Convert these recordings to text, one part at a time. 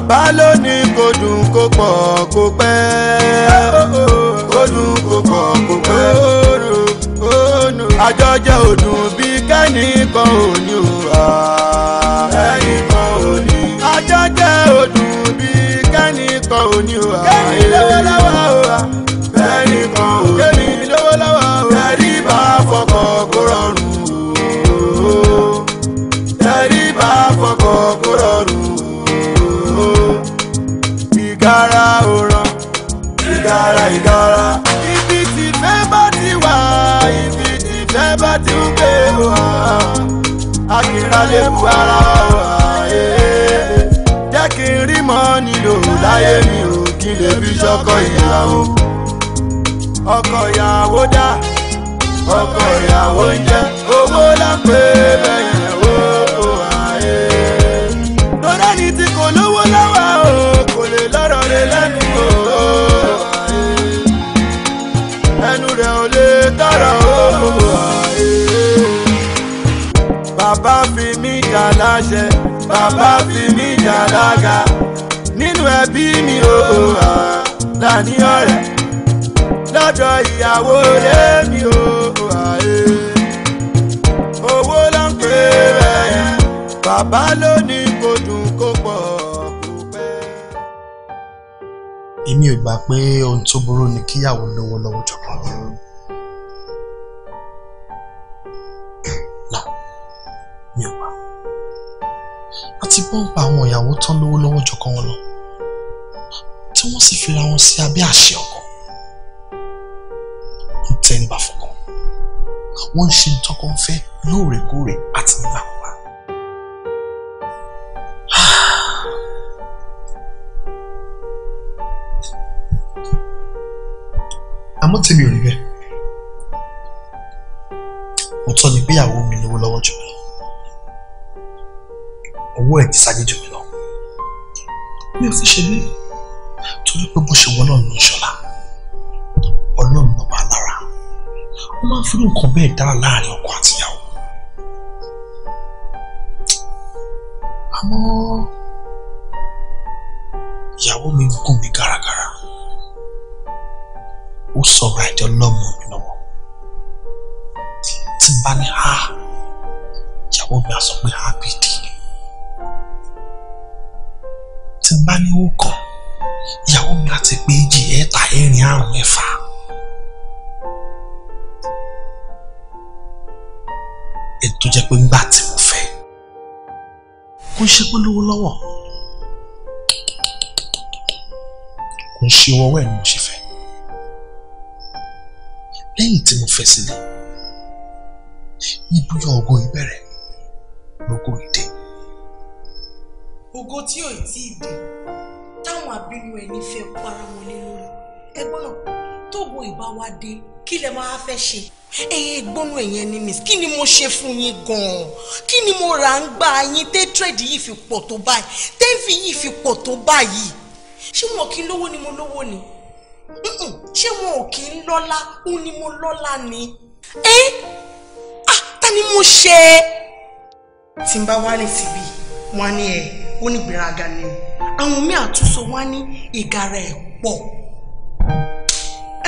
bàbá ló ní kó dùn kó pọ̀ kó pẹ́ kó dùn kó pọ̀ kó pẹ́ àjọjẹ òdùn bí kẹ́nìkan ò ní o kẹ́nìkan ò ní àjọjẹ òdùn bí kẹ́nìkan ò ní o kẹ́nìkan ò ní o kẹ́nìkan ò ní akínralé buhara ọ̀hàyè jẹ́ kí n rí mọ́ nílò láyé mi ò kí lè fi ṣọkọ ìyàwó ọkọ ìyàwó dá ọkọ ìyàwó ń jẹ́ owó lápẹ́ bẹ́yìn. láṣẹ bàbá fi mí jàlága nínú ẹbí mi ò hà láàní ọ̀rẹ́ lọ́dọ̀ ìyàwó rẹ̀ mi ò hà e. owó ló ń pè rẹ̀ bàbá ló ní kó dùn kó pọ̀ kó pẹ́. èmi ò gbà pé ohun tó burú ni kíyàwó lówó lọ́wọ́ wọ́n ti bọ́ǹpà àwọn ìyàwó tán lówó lọ́wọ́ jọkan wọn lọ tí wọ́n sì fira wọn sí abẹ́ àṣẹ ọkọ ń tẹnba fọkàn wọ́n ń ṣe tọkàn fẹ́ lóòrèkóòrè àti nígbàkúgbà. àmọ́ tèmi ò rí bẹ́ẹ̀ òótọ́ ni ìgbéyàwó mi lówó lọ́wọ́ jù ọwọ́ ẹ̀ ti sáyé jù mí lọ mi ò sì ṣe mí torí pé bó ṣe wọ́n náà ló ń ṣọlá ọlọ́run ló bá lára wọ́n máa ń fi nǹkan bẹ́ẹ̀ dára láàrin ọkọ àtìyàwó àmọ́ ìyàwó mi gùn mí gàràgàrà ó sọ̀rọ̀ ẹ̀jẹ̀ lọ́mọ mi lọ́wọ́ tí bá ní ha ìyàwó mi á sọ pé ha bìí tí n bá níwó kan ìyàwó mi láti pé èjì ẹ̀ta ẹ̀rin àrùn ẹ̀fà. ètò jẹ́ pé ńgbà tí mo fẹ́ kò ń ṣe pé lówó lọ́wọ́ kò ń ṣe ọwọ́ ẹ̀ ni mo ṣe fẹ́ lẹ́yìn tí mo fẹ́ sílẹ̀ ní bóyá ìbẹ̀rẹ̀ lógo ìdí ògo tí ò tí ì dé táwọn àbínú ẹni fẹ́ para wọn lé lórí ẹgbọ́n náà tóògùn ìbá wa dé kí lẹ máa fẹ́ ṣe ẹ̀yin ìgbónú ẹ̀yẹn ni miss kí ni mo ṣe fún yín gan-an kí ni mo rà ń gba yín tẹ́ trade yìí fi pọ̀ tó báyìí tẹ́ǹfì yìí fi pọ̀ tó báyìí ṣé wọn kì í lówó ni mo lówó ni ṣé wọn ò kì í lọ́lá ó ní mo lọ́lá ni ẹ́ ah ta ni mo ṣe. tí n bá wá ní wọn á ní ẹ̀ wọ́n ní gbéraga ni àwọn míì àtúnṣe wá ní ìgara ẹ̀ pọ̀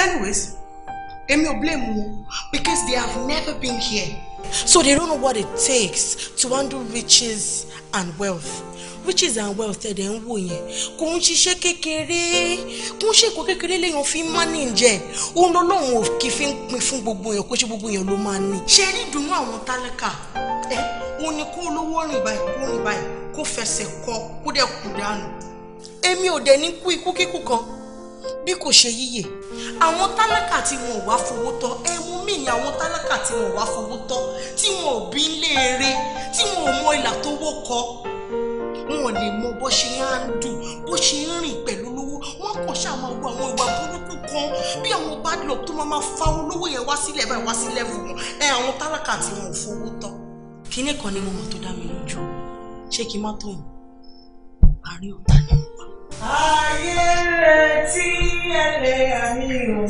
anyways èmi ò blame wọn because they have never been here so they don't know what it takes to handle riches and wealth riches and wealth ẹ̀ dẹ̀ ń wò yẹn kò ń ṣiṣẹ́ kékeré kò ń ṣèkó kékeré léèyàn fi ń mánì jẹ òun lọ́lọ́run ò kì í fi ń pin fún gbogbo èèyàn kó ṣe gbogbo èèyàn ló máa ní. ṣe rí ìdùnnú àwọn tálákà ẹ òun ni kó olówó rìn báyìí kó rìn báyìí kó fẹsẹ̀ kọ kó dẹ̀ kú dànù èmi ò dẹ̀ ní kú ikú kíkú kan bí kò ṣe yíyè àwọn tálákà tí wọn ò wá fowó tọ́ ẹ mú mi ní àwọn tálákà tí wọn ò wá fowó tọ́ tí wọn ò bí ń léèrè tí wọn ò mọ ìlà tó wó wọn ò lè mọ bó ṣe ń dùn bó ṣe ń rìn pẹ̀lú olówó wọn kàn ṣàmọ wo àwọn ìwà burúkú kan bí àwọn bad tó máa fa olówó yẹn wá sílẹ̀ báyìí wá sílẹ̀ fún ẹ àwọn tálákà tí wọn ò fowó tán. kinní kan ni mo mọ̀ tó dá mi lójú ṣé kí n má tọ̀hún àárín ọ̀tá ni mo wà. ayé retí ẹlẹ́yà mi ò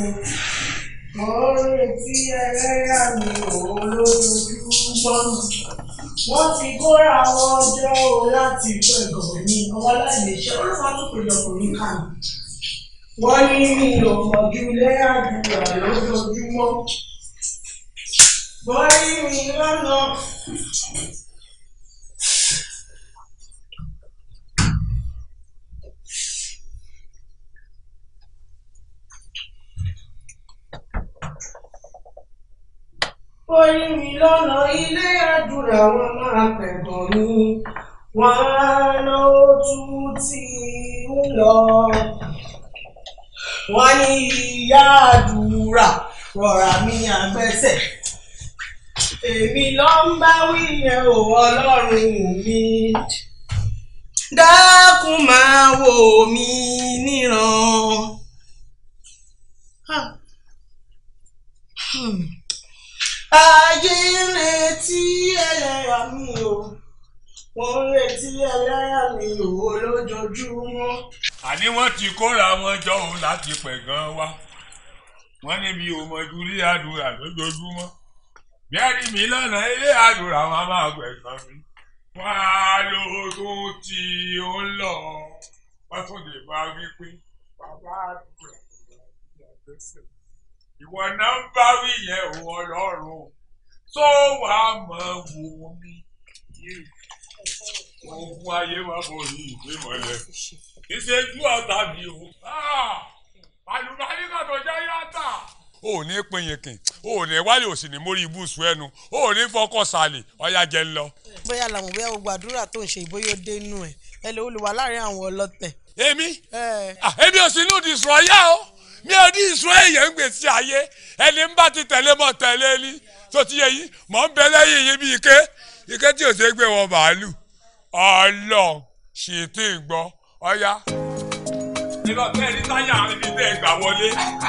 mo retí ẹlẹ́yà mi ò lójoojúmọ́ wọ́n ti kóra àwọn ọjọ́ o láti fún ẹ̀gàn ní ọwọ́ aláìníṣẹ́ ọlọ́pàá tó pèjọ kò ní kàmí. wọ́n ní mi ò mọ̀jú lẹ́yàdúrà lójoojúmọ́. wọ́n ní mi lọ́nà. orí mi lọ́nà ilé àdúrà wọn máa pẹ̀gàn mi wọn á náwó tún ti ń lọ. wọ́n ní ìyá àdúrà rọra mi àgbẹ̀sẹ̀ èmi ló ń bá wí yẹn o ọlọ́run mi dákun máa wò mí níran. Hmm ayé ń retí ẹlẹ́yà mi o wọ́n ń retí ẹlẹ́yà mi o lójoojúmọ́. àní wọ́n ti kóra wọn jọ òun láti pẹ̀gàn wa wọ́n ní mi ò mọ̀jú rí àdúrà lójoojúmọ́ bí ẹni mi lọ́nà ilé àdúrà wọn máa pẹ̀gàn mi wá lóòótọ́ tí ó lọ wọ́n tún lè bá wípé bàbá àdúrà ló ń bá ìyá ìwọ náà ń bá wí yẹn o ọlọ́run tó wà á mọ̀ wò mí. ogun ayé wa bọ̀ ní ìwé mọ́lẹ̀ kì í ṣe ju ọ̀tá mi o. Ah! àlùbáyé kan tó jẹ́ yàtà o ò ní pinyekin o ò ní wálé o sì ní mórí ibùsùn ẹnu o ò ní fọkọ sàlè ọyá jẹ lọ. bóyá làwọn bóyá o gbàdúrà tó ń ṣe ìbóyá dé inú ẹ ẹ lè olùwà láàrin àwọn ọlọ̀tẹ̀. èmi èmi ò sí inú ìdìsọ yá o mi ò rí israel yẹn ń gbèsè ayé ẹni ń bá ti tẹ̀lé mọ̀ tẹ̀lé ni tó ti yẹ yìí mọ̀ ń bẹ lẹ́yìn yìí bí ike ike tí ò ṣe gbé wọn bàálù ọlọ ṣì tí ì ọyá. ìlọ tẹ́rí táyà ibi tẹ́ ẹ gbà wọlé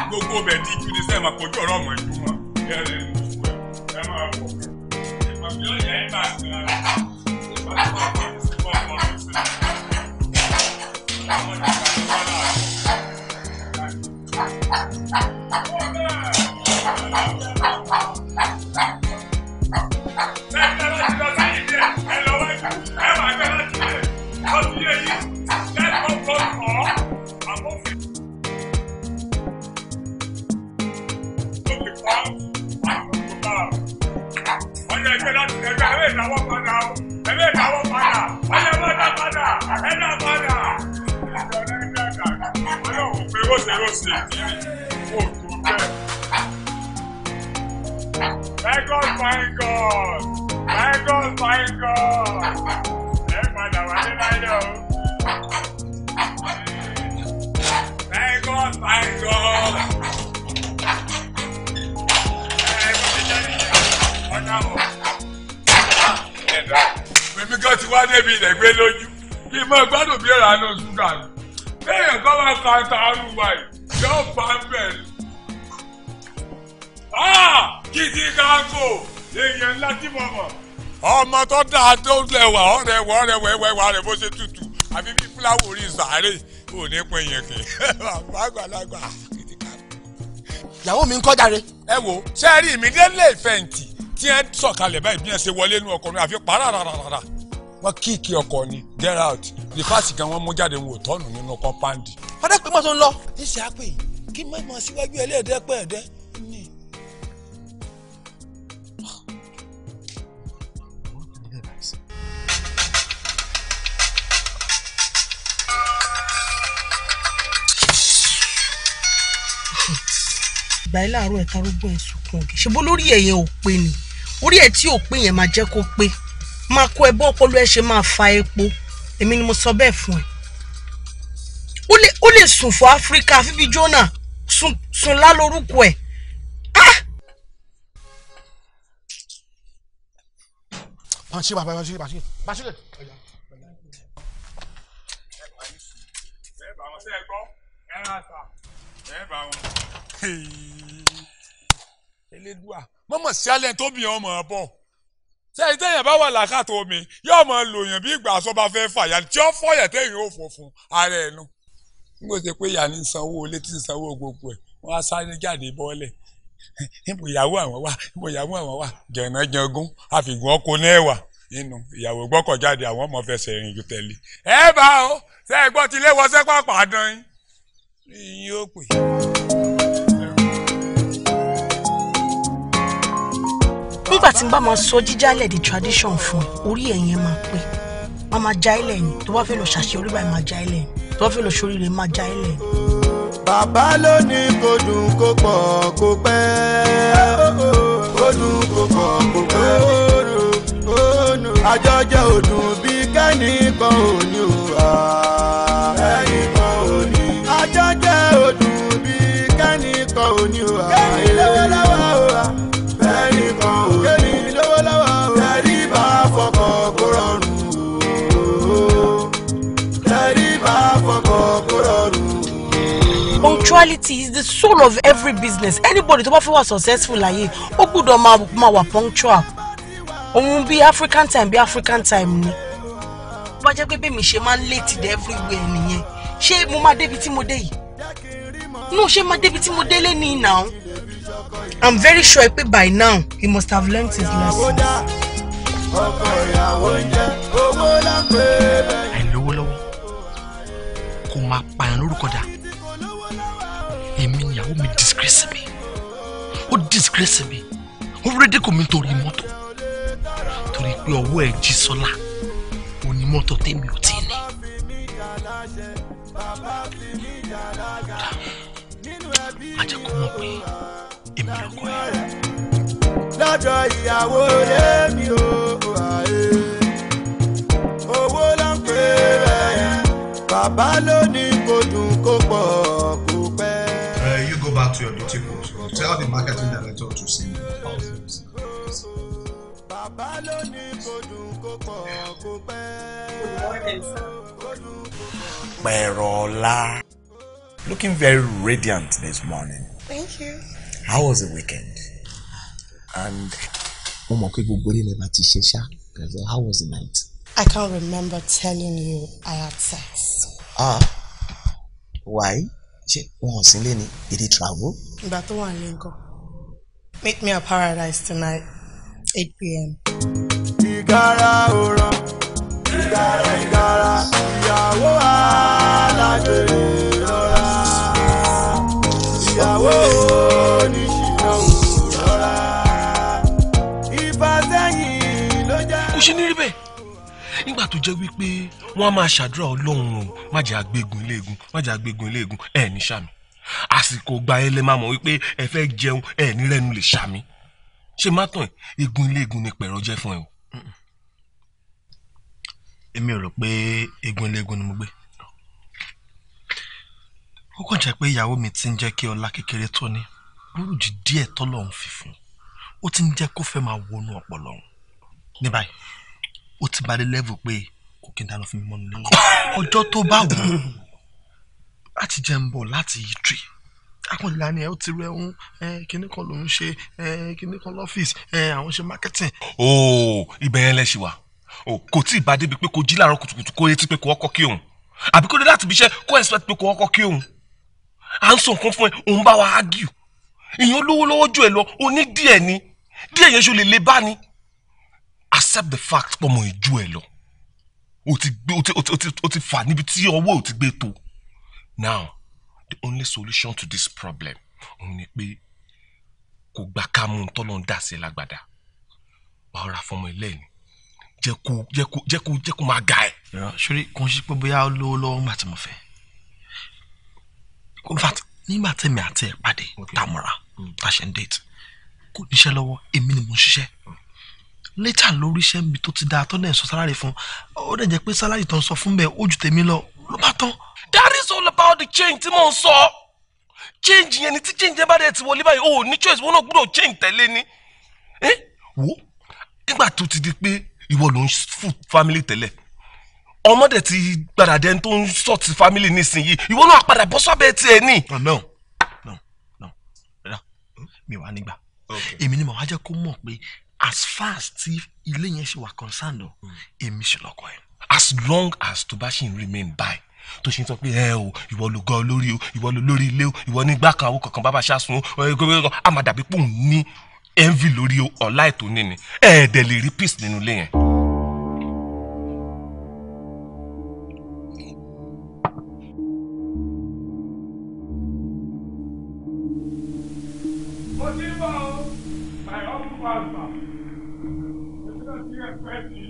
gbogbo ọbẹ̀ tí ju ní sẹ́ẹ̀ máa kojú ọ̀rọ̀ ọmọ ìlú wọn. ẹ ẹ mú ẹ ẹ máa wọ ẹ máa fi máa fi Padà, padà, padà, padà, padà, padà rọ́ọ̀sì rọ́ọ̀sì àjẹmí kò tó bẹ́ẹ̀. my god thank god thank god thank god Thank padà wà ní láyé o. my god thank god. Thank kan ti wá débi ilẹ̀ gbé lójú bí mo gbádùn bí ọ̀rọ̀ àánú ṣúgà ni téèyàn kan bá ta taaru wáyé yóò bá bẹ̀rẹ̀. kìtì káàkó èèyàn ńlá tí mo mọ̀. ọmọ tó dáa tó lẹ́wà ọ̀rẹ́ wà ọ̀rẹ́ wà ẹwà ẹwà rẹ bó ṣe tutù àbí bí fúláwò orí sàárè ò ní pín yẹn kì í lágbàlagbà. ìyàwó mi ń kọ́ jàre. ẹ wo ṣe é rí mi délé ìfẹ̀yìntì tí ẹ sọ̀kalẹ̀ báyìí bí ẹ ṣe wọlé inú ọkọ̀ mi àfi pàrà rárá rárá wọ́n kíìkì ọkọ̀ ni get out the pass kan wọ́n mú jáde wò tọ́nù nínú kọ́ńpáǹdì. padà pé mọ́tò ń lọ. ní sẹ́ àpè kí má mọ̀ síwájú ẹlẹ́ẹ̀dẹ́ pẹ́ ẹ̀dẹ́ ni. ìgbà yìí láàárọ̀ ẹ̀ta arúgbó ẹ̀ sùn kàn kì í ṣe bó lórí ẹ̀yẹ ò pé ni orí ẹ̀ tí ò pé yẹn máa jẹ́ kó pé máa kó ẹ bọ́ ọpọlọ ẹ ṣe máa fa epo èmi ni mo sọ bẹ́ẹ̀ fún ẹ ó lè ó lè sùn fún áfíríkà fífi jóná sùn sùn lálórúkọ ẹ ah. pàṣẹ bàbá pàṣẹ pàṣẹ pàṣẹ. elédùà mọ̀mọ̀ sí alẹ́ tó ọmọ ọ̀ sẹ́yìn tẹ́yìn bá wà làkàtà omi yóò máa lòyàn bí ìgbà aṣọ bá fẹ́ fàyà tí ó fọyà tẹ́yìn ó fò fún ara ẹ̀ nu. nígbà tó pé ìyá ní sanwó olé tí ń sanwó gbogbo ẹ̀ wọ́n á sáré jáde bọ́ọ̀lẹ̀ níbo ìyàwó àwọn wà níbo ìyàwó àwọn wà jẹ̀nàjẹ̀gún àfìgùn ọkọ náà wà nínú ìyàwó gbọ́kọ̀ jáde àwọn ọmọ fẹsẹ̀ rìn ju tẹ̀lé. ẹ bá o ṣe é gbọ́ tilé wọṣẹ́ pàpà dán yín. iyín ó pè é. nígbà tí n bá máa sọ jíjálẹ̀ di tradition fún orí ẹ̀yìn ẹ̀ máa pé máa máa já ilẹ̀ ni tó bá fẹ́ lọ ṣàṣeyọrí báyìí máa já ilẹ̀ ni tó bá fẹ́ lọ ṣoríire máa já ilẹ̀ ni. bàbá ló ní kó dùn kó pọ̀ kó pẹ́ kó dùn kó pọ̀ kó pẹ́ àjọjẹ òdùn bí kẹ́nìkan ò ní o kẹ́nìkan ò òdùn bí kẹ́nìkan ò ní o kẹ́nìkan ò ní o. punctuality is the soul of every business anybody tó bá fẹ́ wà successful láyé ó gbọ́dọ̀ máa wà punctual òun bí african time bí african time ni bó bá jẹ́ pé bẹ́ẹ̀ mi ṣe máa ń late de everywhere nìyẹn ṣé mo máa débi tí mo dé yìí no ṣé máa débi tí mo délé ní now i'm very sure pé by now he must have learnt his lesson. àìlówó lọ́wọ́ kò máa pààyàn lórúkọ dà disgrace mi ó disgrace mi ó rédíkù mi torí mọ́tò torí pé ọwọ́ ẹ̀ jí sọ́lá onímọ́tò tèmi ò tí ì ní. má jẹ́ kó mọ̀ pé èmi lọ́kọ ẹ̀. lọ́jọ́ ìyàwó rẹ̀ mi ò àyè owó ló ń pè é bàbá ló ní kò dùn to your boutiques. Or tell the marketing director to send you thousands. Looking very radiant this morning. Thank you. How was the weekend? And mo mọ̀ pé gbogbo How was the night? I can't remember telling you I had sex. Ah, why? ṣé wọn ò sí lé ní èdè travel. ìgbà tó wà ní nǹkan meet me at paradise tonight 8 pm. ìgárá òràn ìgárá ìgárá ìyàwó alágbèrè lọ́ra ìyàwó oníṣìná òrora ìbátẹ́yìn ló jẹ́. kò sí ní rí nígbà tó jẹ́ wípé wọ́n á máa ṣàdúrà ọlọ́run o má jẹ́ agbégun iléegun má jẹ́ agbégun iléegun ẹ̀ ní sàmì àsìkò gba ẹ lẹ́ máa mọ̀ wípé ẹ fẹ́ jẹun ẹ̀ ní rẹ́nu lè sàmì ṣé má tàn igun iléegun ni pẹ̀rọ jẹ́ fún ẹ o. èmi ò rò pé igun iléegun ni mo gbé ó kàn jẹ́ pé ìyàwó mi ti ń jẹ́ kí ọlá kékeré tó ní búrúdì díẹ̀ tọ́lọ́run fi ó ti ń jẹ́ kó fẹ́ máa wọnú ọpọlọ ní báyìí ó ti bá dé level pé kò kí n dáná fún mi mọ́nu lẹ́yìn ọjọ́ tó bá wù ú láti jẹ́ ń bọ̀ láti ìtì akọ̀nìlá ni ẹ ó ti rẹ̀hún kinní kan ló ń ṣe kinní kan lọ́fíìsì àwọn ṣe marketing. ooo ibẹ̀ yẹn lẹ́sìn wa kò tí ì bá débi pé kò jí láàárọ̀ kùtùkùtù kó etí pé kò ọkọ̀ kí òun àbí kó dé láti ibi iṣẹ́ kó expect pé kò ọkọ̀ kí òun à ń sọ nǹkan fún ẹ òun bá wa argue ìyẹn olówó lọ́wọ́ jù ẹ lọ oní díẹ̀ ni díẹ̀ yẹn ṣo lè le bá ni accept the fact pé ọmọ ìjú ẹ lọ o ti gbé o ti o ti o ti fà níbi tí ọwọ́ ò ti gbé tó now the only solution to this problem òun ni pé kò gba kámú tọ́lọ́ ń dà sí lágbàdá wàá rà fọmọ ẹlẹ́ni jẹ́ kó jẹ́ kó jẹ́ kó jẹ́ kó máa ga ẹ̀. sori kò ń ṣe pé bóyá lówó lọ́wọ́ ńgbà tí mo fẹ́ in fact nígbà tẹ̀mí àti ẹ̀ pàdé tamura mm. tá a ṣe ń date kò níṣẹ́ lọ́wọ́ èmi ni mo ń ṣiṣẹ́. Okay mm. Nathan ló ríṣẹ́ mi tó ti dáa tó dẹ̀ sọ sálárì fún ó dẹ̀ jẹ́ pé sálárì tó ń sọ fún bẹ́ẹ̀ ó tèmi lọ ló bá tán. that is all about the change tí mò ń sọ change yẹn ni tí change yẹn bá dẹ̀ ti wọlé báyìí o ní choice wọn náà gbọ́dọ̀ change tẹ̀lé ni. ẹ eh? wo nígbà tó ti di pé ìwọ ló ń fún family tẹ́lẹ̀ ọmọ dẹ̀ ti gbàdàdẹ́ tó ń sọ̀tì family nísìnyí ìwọ náà padà bọ́ sábẹ́ tiẹ̀ ni. no no no no mi wà nígbà èmi ni màá jẹ́ kó mọ̀ pé as far as tí ilé yẹn ṣe wà concerned o hmm. èmi ṣe lọ́kọ ẹ̀. as long as tó bá ṣì remain by tó ṣe ń sọ pé ẹ o ìwọ ló gan olórí o ìwọ ló lórí ilé o ìwọ ní gbà kan àwọn kankan bàbá ṣàṣùn o ẹ gbẹgbẹ àmàdàbí pòun ní envy lórí ọ̀la ètò nínú ẹ̀ẹ́dẹ̀ lè rí peace nínú ilé yẹn. fún àgbà èmi náà ti rẹ̀ pẹ́ sí i.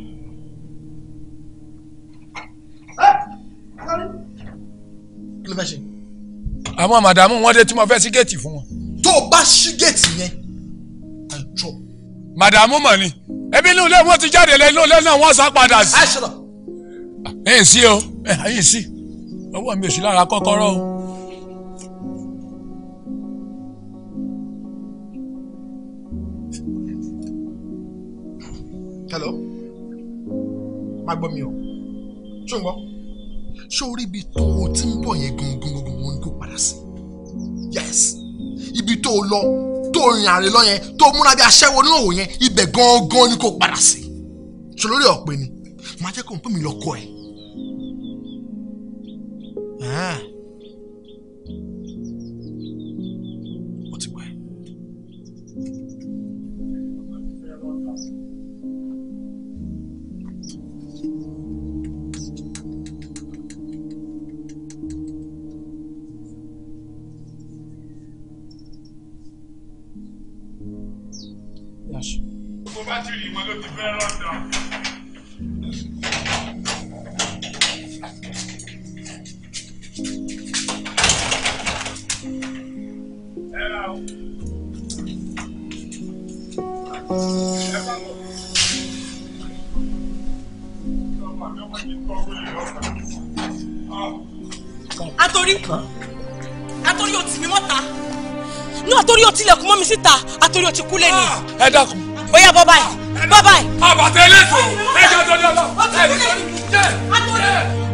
kí ló fẹ́ ṣe. àwọn màdàmú wọn dé tí mo fẹ́ sí géètì fún wọn. tó o bá ṣí géètì yẹn i drop. màdàmú mọ̀ ni ebi inú ilé wọn ti jáde lẹ inú ilé náà wọn sá padà sí. ẹ ah, ẹ sí o ẹ ẹ yìí sí ọwọ́ mi ò sí lára kọ́kọ́rọ́ o. hello má gbọ́ mi o ṣó ń gbọ́ ṣó rí ibi tó o ti ń bọ̀ yẹn gangan gangan wọn ni kò padà sí yes ibi tó o lọ tó o rìn àrè lọ yẹn tó o múra bí aṣẹ́wó nínú òwò yẹn ibẹ̀ gangan ni kò padà sí ṣó lórí ọ̀pẹ ni màá jẹ́ kó n pè mí lọ́kọ ẹ̀. ló ti fẹ́ rọ̀dà. ẹ ra o. ẹ bá lọ. ọmọ mi wọ́n ti Atori o tì mí mọ́ta náà o tilẹ̀kùn mọ́ mi síta Atori o ti kú lẹ́nu. Ah, ẹ dákun. Ó yá bọ́ báyìí bọ́ báyìí. àbàtà eléso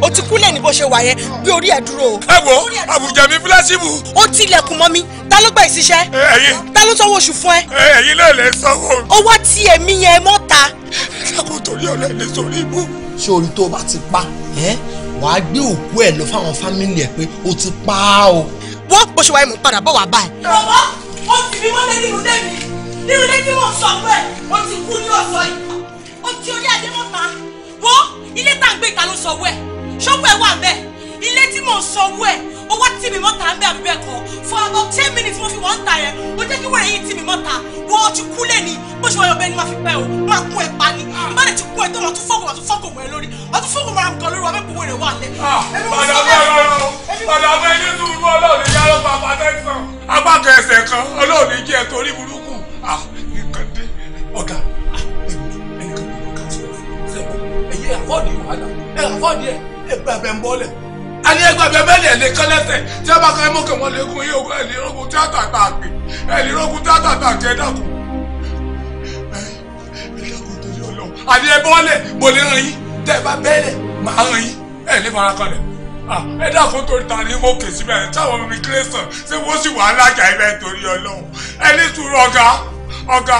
o ti kúlẹ̀ ní bó ṣe wà yẹn bí orí ẹ̀ dúró. ẹ wo àbújá mi fúláṣíbù. ó tilẹ̀kùn mọ́ mi ta ló gba ìṣiṣẹ́. ẹyin ta ló sanwó oṣù fún ẹ. ẹyin náà lè sanwó. owó tí èmi yẹn mọ́ ta. ṣàkóso torí ọ̀rẹ́ ní sórí ibú. ṣé orí tó o bá ti pa wàá gbé òkú ẹ lọ fáwọn fámìlì ẹ pé o ti pa á o. wọ́n bó ṣe wáyé mú padà bọ̀ wá báyìí. ọ̀wọ́ ó ti fi wọ́n lé nínú dẹ́mi nínú ilé tí mò ń sọ pé o ti kú ní ọ̀sọ́ yìí o ti orí adé mọ́ ta wo ilé tá à ń gbé ìta ló sọ wẹ́ ṣọ́pọ̀ ẹ̀ wà ń bẹ̀ ilé tí mò ń sọ wẹ́ ó wá tì mí mọ́ta ń bẹ̀ àbí bẹ́ẹ̀ kọ́ for about ten minutes mo fi wọ́n ta rẹ̀ ó jẹ́ kí wẹ́rẹ́ yìí tì mí mọ́ta wọ́n ó ti kú lé ní bó ṣe wọ́n yọ bẹ́ẹ̀ ni máa fi pẹ́ o máa kú ẹ̀ pa ni má lè ti kú ẹ̀ tó máa tún fọ́kùn máa tún fọ́kùn wẹ̀ lórí máa tún fọ́kùn máa nǹkan lórí wa ah, bẹ́ẹ̀ kú wẹ́rẹ́ wà lẹ́. padà bẹ́ẹ̀ padà bẹ́ẹ̀ ní sùúrù ọlọ́ọ̀ni yára pàpà tẹ́sán apá kẹsẹ̀ kan ọlọ́ọ̀ni jẹ́ torí burúkú Ah, nǹkan dé ọ̀gá ẹnìkan kò kà sí ẹ̀ ẹ̀yẹ àfọ́ọ̀dì wàhálà ẹ̀ àfọ́ọ̀dì ẹ̀ ẹgbẹ́ abẹ́ ń bọ́lẹ̀ ani ẹgbẹ́ abẹ́ bẹ́ẹ̀ lẹ̀ lé kọ́lẹ́sẹ̀ tí a bá ka ẹmọ́ kẹwọn lẹ́kùn yìí ogun ẹ̀lì rogun tí a tà tà gbé ẹ̀lì rogun tí a tà tà jẹ́ dàkún ẹ̀ẹ́dàkùn tó yọ lọ ani ẹ bọ́lẹ̀ mo lè ràn yín tẹ́ ẹ bá bẹ́ẹ̀lẹ̀ màá ràn yín ẹ̀ ní farakalẹ̀ ẹ dákun torí ta ni mo kè síbẹ̀ táwọn immigration ṣé wọ́n sì wà á lájà ibẹ̀ torí Ọlọ́run ẹni sùúrù ọ̀gá. ọ̀gá.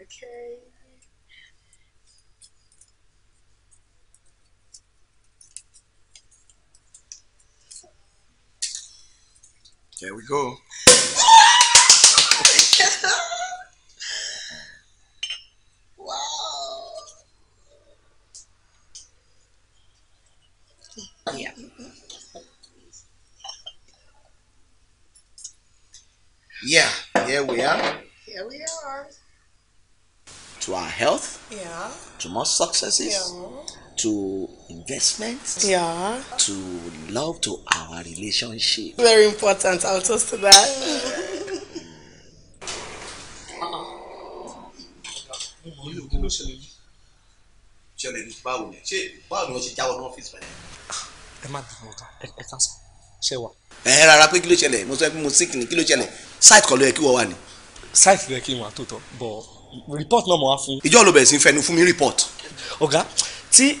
Okay. There we go. Yeah, here we are. Here we are. To our health. Yeah. To more successes. Yeah. To investments. Yeah. To love, to our relationship. Very important. I'll toast to that. ṣe wà. ẹ eh, rárá pé kí ló ṣẹlẹ̀ mo sọ pé mo sick ni kí ló ṣẹlẹ̀ site kan ló yẹ kí wọ́n wà ní. site ló yẹ kí n wà bọ report náà mo wá fún. ìjọ ló bẹ̀rẹ̀ sí fẹnu fún mi report. ọ̀gá tí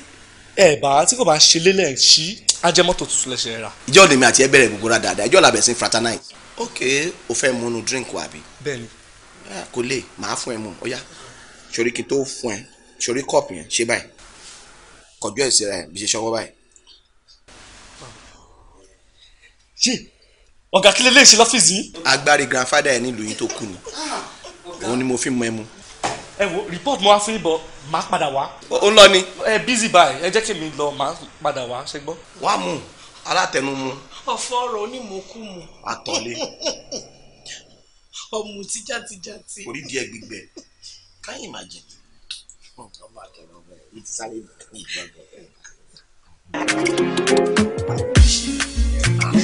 ẹ bá tí kò bá ṣe lélẹ̀ sí ajẹmọ́tò tuntun lẹ́sẹ̀ rà. ìjọ lèmi àti ẹ bẹ̀rẹ̀ gbogbo ra dáadáa ìjọ làbẹ̀ sí fraternize. ok o fẹ́ múnú drink wa bi. bẹ́ẹ̀ni. Ah, kò lè màá fún ẹ mú ọyá sori kí n tó fún ẹ sori cup yẹn ṣe báyìí kọjú ẹ̀ síra ẹ̀ bí ṣe ṣọwọ́ báyìí ṣe ọ̀gá kílẹ̀ lè ṣe lọ́fíìsì agbárí grandfather ẹ nílùú yín tó kù ni ah, òun ni mo fi mọ ẹmu. ẹ wo report mo wá fún ibọ máa padà wá. ó lọ ni. ẹ busy báyìí ẹ jẹ́ kí mi lọ máa padà wá ṣe gbọ́. wá mú alátẹnumú. ọ̀fọ̀ ọ̀rọ̀ onímọ̀ọ́kùmù. àtọ̀lé. ọmọ tí jàtijàti. orí díẹ̀ gbígbẹ can you imagine. ọmọ àtẹnumú ẹ ìgbàgbọ́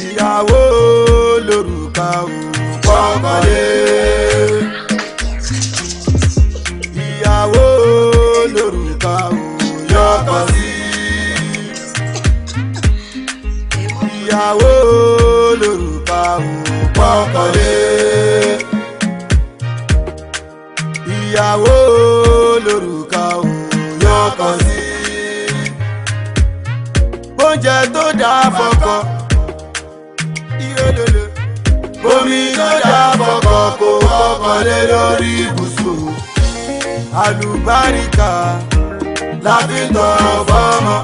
ìyàwó lórúkà òkọ́kọ́lé. ìyàwó lórúkà òyọkọ sí. ìyàwó lórúkà òkọ́kọ́lé. ìyàwó lórúkà òyọkọ sí. oúnjẹ tó dáa fọkọ gómìnà dàbọ̀kọ̀ kò wọ́pọ̀ lé lórí ibùsùn àlùbáríkà láfi tọrọ fọmọ.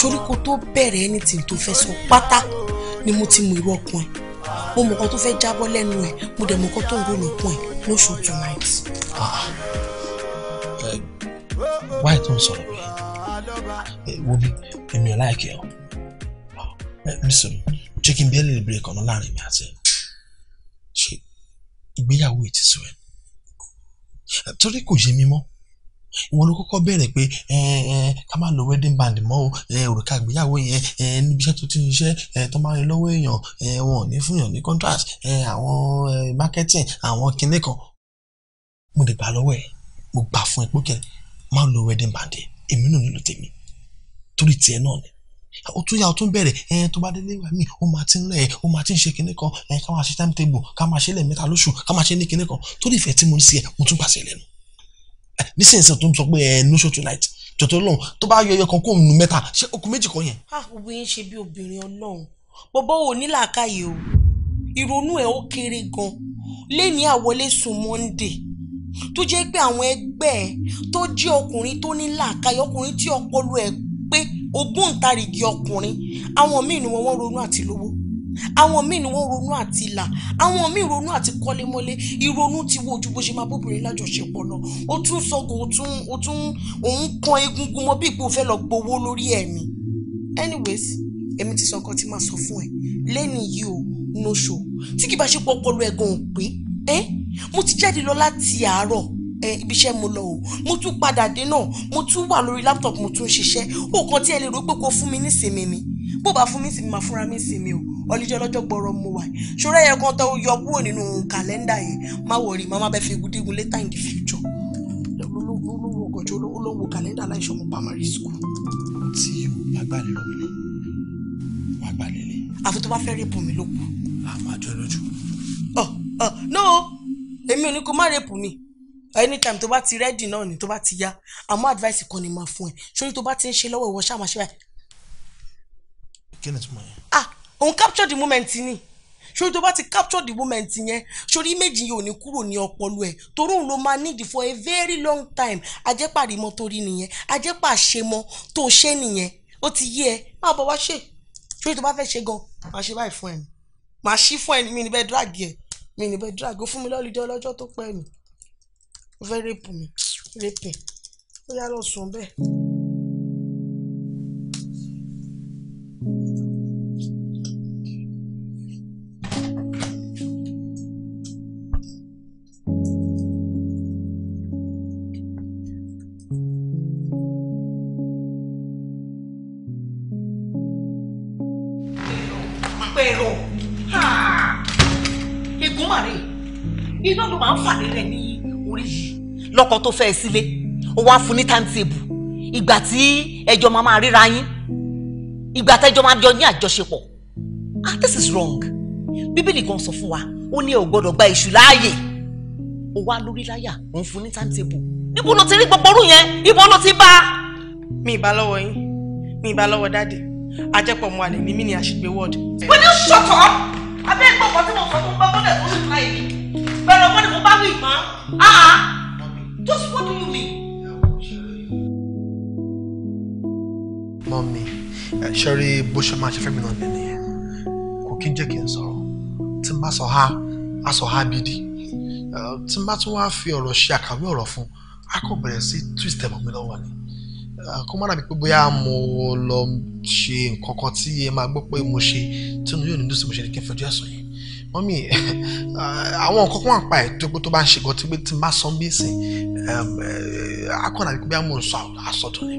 sórí kó tó bẹ̀rẹ̀ anything tó fẹ́ sọ pátá ni mo ti mọ irú ọkùnrin mo mọ̀ kan tó fẹ́ jábọ́ lẹ́nu ẹ̀ mo dẹ̀ mọ̀ kan tó ń rò lókun ẹ̀ lóṣù tonight. wáyé tó ń sọ̀rọ̀ bẹ́ẹ̀. Eh, wo bi èmi ò láìkẹ ọ bísọ̀n jẹ́ kí n bẹ́ẹ̀ lè break ọ̀nà láàrin mi àti ẹ̀ ṣe ìgbéyàwó ètí sọ ẹ̀ eh, torí kò yé mi mọ́ ìwọ ló kọ́kọ́ bẹ̀rẹ̀ pé eh, ká má lo wedding band mọ́ o òrùka ìgbéyàwó yẹn níbi iṣẹ́ tó ti ń ṣe tó máa ń lọ́wọ́ èèyàn wọn ò ní fún yàn ní contract àwọn marketing àwọn kinní kan mo lè gbà lọ́wọ́ ẹ̀ mo gbà fún ẹ pé kẹ́ má lo wedding band yẹn èmi náà nílò tèmi torí tiẹ̀ náà ni ó tún yà ó tún bẹ̀rẹ̀ ẹ tó bá délé ìwà míì ó máa ti ń lọ ẹ ó máa ti ń ṣe kinní kan ẹ ká máa ṣe time table ká máa ṣe lẹ́ẹ̀mẹ́ta lóṣù ká máa ṣe ní kinní kan torí ìfẹ́ tí mo ní sí ẹ mo tún pàṣẹ lẹ́nu nísinsìnyí tó ń sọ pé ẹ no show tonight jọ̀tọ̀ lọ́hùn tó bá yọ ẹyọ kan kó nu mẹ́ta ṣé okùn méjì kan yẹn. a ah, gbogbo yín ṣe bí obìnrin ọlọ́run bọ́bọ́ ò ní làákàyè o ìrònú ẹ̀ ó kéré gan-an àwọlé sùn Monday tó jẹ́ pé àwọn ẹgbẹ́ ẹ tó jẹ́ ọkùnrin tó ní làákàyè ọkùnrin tí ọpọlọ ẹ̀ pé ògbóǹtarìgì ọkùnrin àwọn míì ni wọ́n ronú àti lówó àwọn míì ni wọ́n ronú àti là àwọn míì ronú àti kọ́lémọ́lé ìrònú ti wo ojú bó ṣe máa bóbìnrin lájọṣepọ̀ lọ ó tún sọgò ó tún ó tún òun kan egungun mọ́ bí ipò fẹ́ lọ gbowó lórí ẹ̀mí anyways èmi ti sọ nǹkan tí màá sọ fún ẹ lẹ́nu yìí o no tí kì bá ṣe pọ̀ ọpọlọ ẹ̀gàn ò ẹ́ eh? mo ti jáde lọ láti àárọ̀ ẹ ibi iṣẹ́ mo lọ o mo tún padà dé náà mo tún wà lórí laptop mo tún ṣiṣẹ́ òkan tí ẹ lè rò pé kò fún mi nísinmi ni bó bá fún mi sinmi máa fúnra mi sinmi o ọlíjọ́ lọ́jọ́ gbọ́rọ̀ mo wà ṣọ́ra ẹ̀yẹ kan tó yọ kúrò nínú kàlẹ́ndà yẹn má wọrí má má bẹ́ẹ̀ fi gudígun later in the future lówó ọgọ́jọ́ olówó kàlẹ́ndà aláìṣọmọ primary school. tí o bá gbàlè lọ mi wà gbàlè lé. àfi tó bá fẹ́ rí ipò mi ló kù. a máa lójú. ọ ọ náà èmi ò ní kó má rèpù mi anytime tó bá ti rẹ́dì náà ni tó bá ti yá àmọ́ advice kan ni màá fún ẹ sórí tó bá ti ń ṣe lọ́wọ́ ìwọ ṣáà máa ṣe báyìí. kí ni túmọ̀ yẹn. ah òun capture the moment ni sórí tó bá ti capture the moment yẹn sórí méjì yìí ò ní kúrò ní ọpọlọ ẹ torí òun ló máa need for a very long time ajẹ́pàrímọ́ torí nìyẹn ajẹ́pàṣemọ́ tó ṣe nìyẹn ó ti yé ẹ máa bọ̀ wá ṣe sórí tó bá fẹ́ ṣe gan máa ṣe báyìí fún ẹ máa ṣí fún ẹ mi ní bẹ́ẹ̀ drag yẹn mi ní bẹ́ẹ̀ drag fún mi lọ́lùjọ́ ọlọ́jọ́ tó pẹ́ mi ó fẹ́ rèpù mi rèpù ó yá lọ sùn bẹ́ẹ̀. fẹ́ ẹ sílé ó wá fún ní timetable ìgbà tí ẹjọ́ máa máa ríra yín ìgbà tẹ́jọ́ máa jọ ní àjọṣepọ̀ ah this is wrong bíbélì kan sọ fún wa ó ní ẹ ò gbọ́dọ̀ gba èṣù láàyè ó wá lórí láyà òun fún ní timetable níbo ló ti rí gbogbo orú yẹn ibo ló ti bá a. mi ìbá lọ́wọ́ yín mi ìbá lọ́wọ́ dáàdì ajẹ́pọ̀ mu àlè ní mí ni àṣìgbé wọ́ọ̀dù. wọ́n yóò ṣọ̀tọ̀ abẹ́ ẹ̀gbọ́n kan tí mo sọ fún bọ́ọ̀dù tó ṣùgbọ́n èmi bẹ̀rẹ̀ ọgbọ́n ni mo bá wí ìmọ̀ ah, Just what do you mean? Mommy, Sherry eh, Bushman ṣe fẹ́ mi náà nìyẹn. Kò kí ń jẹ́ kí n sọ̀rọ̀. Tí n bá sọ ha, a sọ ha gidi. Eh, tí n bá tún wá fi ọ̀rọ̀ ṣe a kò twist ẹ̀mọ̀ mi lọ́wọ́ ni. Eh, kó má dàbí pé bóyá mo lọ ṣe nǹkan kan tí ẹ máa gbọ́ pé mo ṣe tí inú yóò ní dùn sí mọ́mí eh, àwọn nǹkan kan wà pa ètò pé tó bá ń ṣe gan tí pé tí n bá sọ ń bí sìn eh, akọ́nà àbíkú bí amò ń sọ àsọtún ni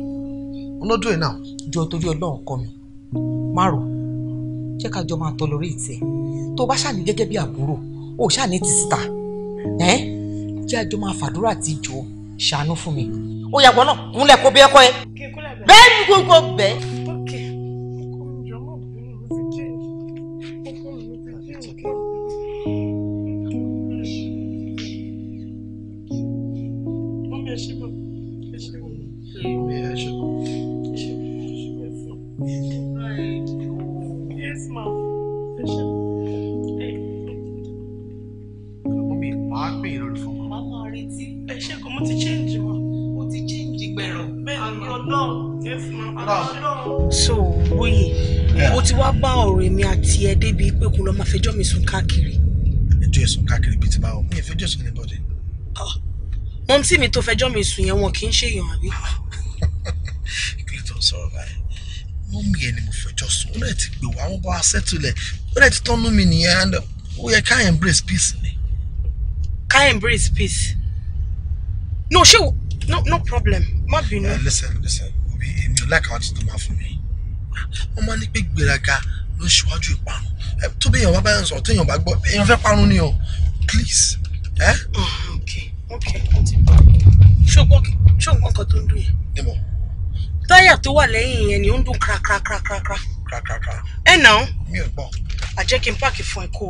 ọlọ́dún yìí náà. jọ torí ọlọ́run kọ mi márò jẹ́ ká jọ máa tọ lórí ìtẹ́ tó bá ṣàní gẹ́gẹ́ bí àbúrò ó ṣàní ti síta ẹ́ jẹ́ àjọ máa fàdúrà tí jọ ṣàánú fún mi. ó yàgbọ́ náà kúnlẹ̀ kó bẹ́ẹ̀ kọ́ ẹ bẹ́ẹ̀ ni gbogbo bẹ́ẹ̀. fẹsẹ̀. Omi máa gbé ìrọ̀lù fún wa. Màmá retí ẹ ṣẹ́gun mo ti change wa, mo ti change gbẹ̀rọ̀. Bẹ́ẹ̀ni ọlọ́run ẹ fún wa, ọlọ́run. So wòye, o ti wá bá ọ̀rọ̀ èmi àti ẹ débi pé kò lọ máa fẹjọ́ mi sùn káàkiri. Ẹjọ́ ẹ̀ sùn káàkiri bíi ti báwo, mi ò fẹjọ́ sùn anybody. Ah, mọ̀mísí mi tó fẹjọ́ mi sùn yẹn wọn kì í ṣèyàn àbí. Kí tó ń sọ̀rọ̀ báyìí? mọ́mí ẹ̀ ni mo fẹjọ́ sùn ó ti gbé wa wọ́n bá wa sẹ́tùlẹ̀ ó dẹ̀ ti tọ́nú mi nìyẹn and yẹ ká embrace peace ni. ká embrace peace no ṣé o no no problem má bínú. Uh, listen listen obi èmi ò láìka ọtí tó máa fún mi wọ́n máa ní pé gbéraga ló ṣíwájú ìparun eh, tó bí èèyàn bá báyọ̀ sọ̀rọ̀ téèyàn bá gbọ́ èèyàn fẹ́ parun ni o please. Eh? Oh, ok ok ṣùgbọ́n ṣùgbọ́n kan tó ń dùn yẹn táyà tó wà lẹ́yìn yẹn ni ó ń dún krakrakrakra. krakrakra. ẹ nà án. mi ò gbọ́. àjẹ́ kí n páàkì fún ẹ kó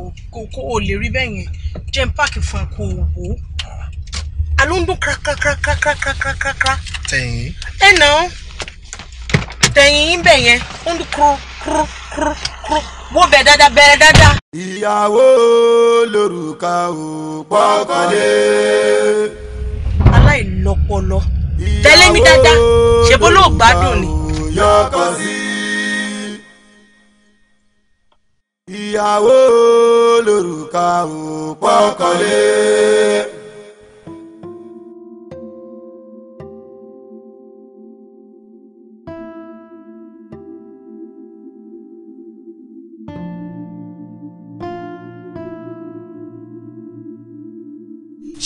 kó o lè rí bẹ́ẹ̀ yẹn jẹ́ n páàkì fún ẹ kó o wò ó. a ń dún krakrakrakrakrakrakra. tẹ̀yìn. ẹ nà án. tẹ̀yìn bẹ̀ yẹn ó ń dún kúrú kúrú kúrú kúrú wọ́n bẹ̀ dáadáa bẹ̀rẹ̀ dáadáa. ìyàwó lórúkà ò pọ́kànlé. aláìlọ́pọlọ tẹ̀lé mi dáadáa ṣèbó ló gbádùn ni. yọkọ sí ìyàwó lórúkà ò pọkànlé.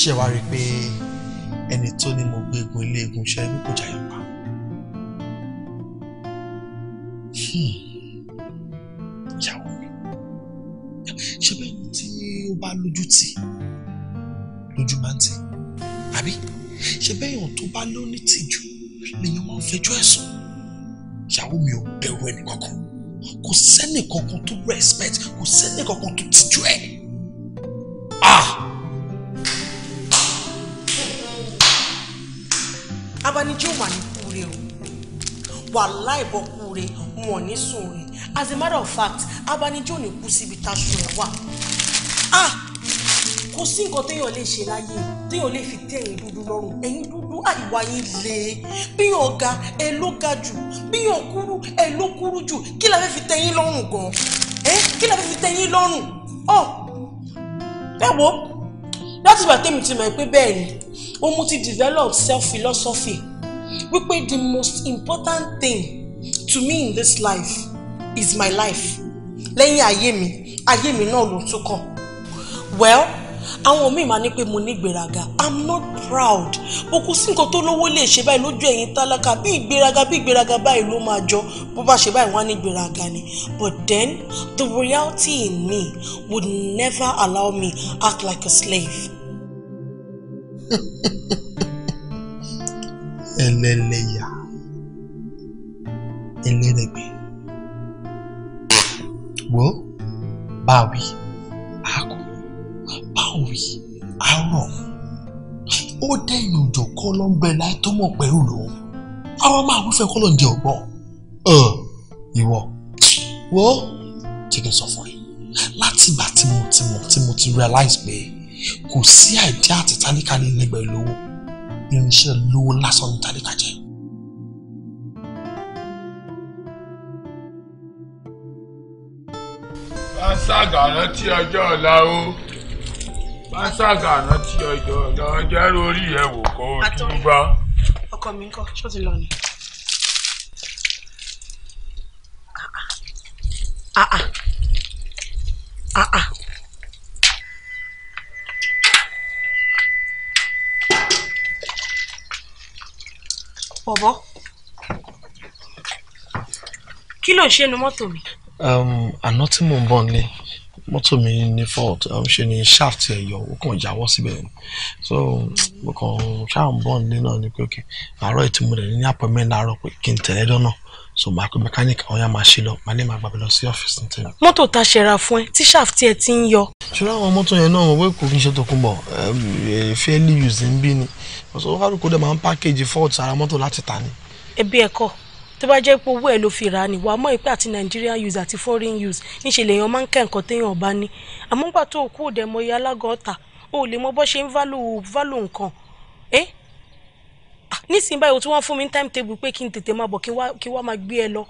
ṣe wá rí i pé ẹni tó ní mo gbé egun ilé egun ṣe ẹbí kò jayọ pa. Hmm. ìyàwó mi ṣé bẹ́ẹ̀ ni tí ó bá lójú tì lójú máa ń tì àbí ṣé bẹ́ẹ̀ yàn tó bá lóní tìjú lèyàn máa ń fẹjọ́ ẹ̀sùn ìyàwó mi ò bẹ̀rù ẹnì kò sẹ́nì tó respect kò sẹ́nì kankan tó tìjú ẹ̀. abanijó mà ní kúre o wàhálà ìbọn kúre wọn ní sùn as a matter of fact abanijó ní kú síbi táṣù rẹ wà ah kò sí nǹkan téèyàn lè ṣe láyé téèyàn lè fi tẹ̀yìn dúdú lọ́rùn ẹ̀yìn dúdú àìwá yín lè bíyàn ga ẹ ló ga jù bíyàn kúrú ẹ ló kúrú jù kí la fẹ́ fi tẹ̀yìn lọ́rùn gan ẹ kí la fẹ́ fi tẹ̀yìn lọ́rùn ọ̀ ẹ wo láti ìgbà tẹ́mi ti mọ̀ pé bẹ́ẹ̀ ni ó mú ti develop self philosophy wípé the most important thing to me in this life is my life lẹ́yìn ayé mi ayé mi náà ló tún kàn well àwọn míì máa ní pé mo ní ìgbéraga i'm not proud mo kò sí nǹkan tó lówó lè ṣe báyìí lójú ẹ̀yin tálákà bí ìgbéraga bí ìgbéraga báyìí ló máa jọ bó bá ṣe báyìí wọ́n á ní ìgbéraga ni but then the reality in me would never allow me act like a slave ẹlẹ́lẹ́yà ẹlẹ́rẹ̀gbẹ́ wo báwí àkọ́ báwí àárọ̀ ó dẹ́yìn òjò kọ́ ló ń bẹ láì tó mọ̀ pẹ̀lú lòun àwọn máa wífẹ́ kọ́ ló ń jẹ ọ̀gbọ́n ìwọ wo jẹ́ kí n sọ fún ẹ láti ìgbà tí mo ti mọ̀ tí mo ti realize pé kò sí àìdí àti tálíkà ní lẹ́gbẹ̀ẹ́ lówó irinṣẹ́ lówó lásán ní tálíkà jẹ́. bá ṣàgànà tí ọjọ́ ọ̀la o bá ṣàgànà tí ọjọ́ ọ̀la ọjọ́ orí ẹ̀ wò kó o túbá. ọkọ mi ń kọ ṣó ti lọ ni. ah ah ah ah, ah, ah. bọ̀bọ̀ kí ló ń ṣe nu mọ́tò mi. Um, àná tí mò ń bọ̀ ni mọ́tò mi ní fault um, ṣe ni shaft ẹ̀ ó kàn jáwọ́ síbẹ̀ ni so mo kàn ṣáà ń bọ̀ nílé náà ni pé àárọ̀ ìtumọ̀ rẹ̀ ní appointment láàárọ̀ pé kí n tẹ̀lé dọ́nà so màá pe mechanic àwọn yà máa ṣe lọ màá ní màá gbàgbé lọ sí ọ́fíìsì ní tèmi. mọ́tò ta ṣẹ̀ra fún ẹ tí ṣáàfù ẹ ti ń yọ. ṣọlá àwọn mọ́tò yẹn náà wọ́n kò kí n ṣe Tòkunbọ̀ fairly used ń bí ni ọ̀sán wọn kálukú dẹ̀ máa ń package fault ara mọ́tò láti ta ni. ẹbí ẹ tó bá jẹ́ pé owó ẹ̀ ló fi rà á ni wàá mọ̀ ìpè àti Nigerian use àti foreign use níṣẹ́ lèèyàn máa ń kẹ́ nǹkan téèyàn bá ní àmọ́ nígbà tó kú òdẹ̀mọ̀ye alágọ̀ọ́ta o ò lè mọ bó ṣe ń válò nǹkan ẹ́ Ah, nísìnyí báyìí o tí wọ́n fún mi ní time table pé kí n tètè máa bọ̀ kí wá máa gbé ẹ lọ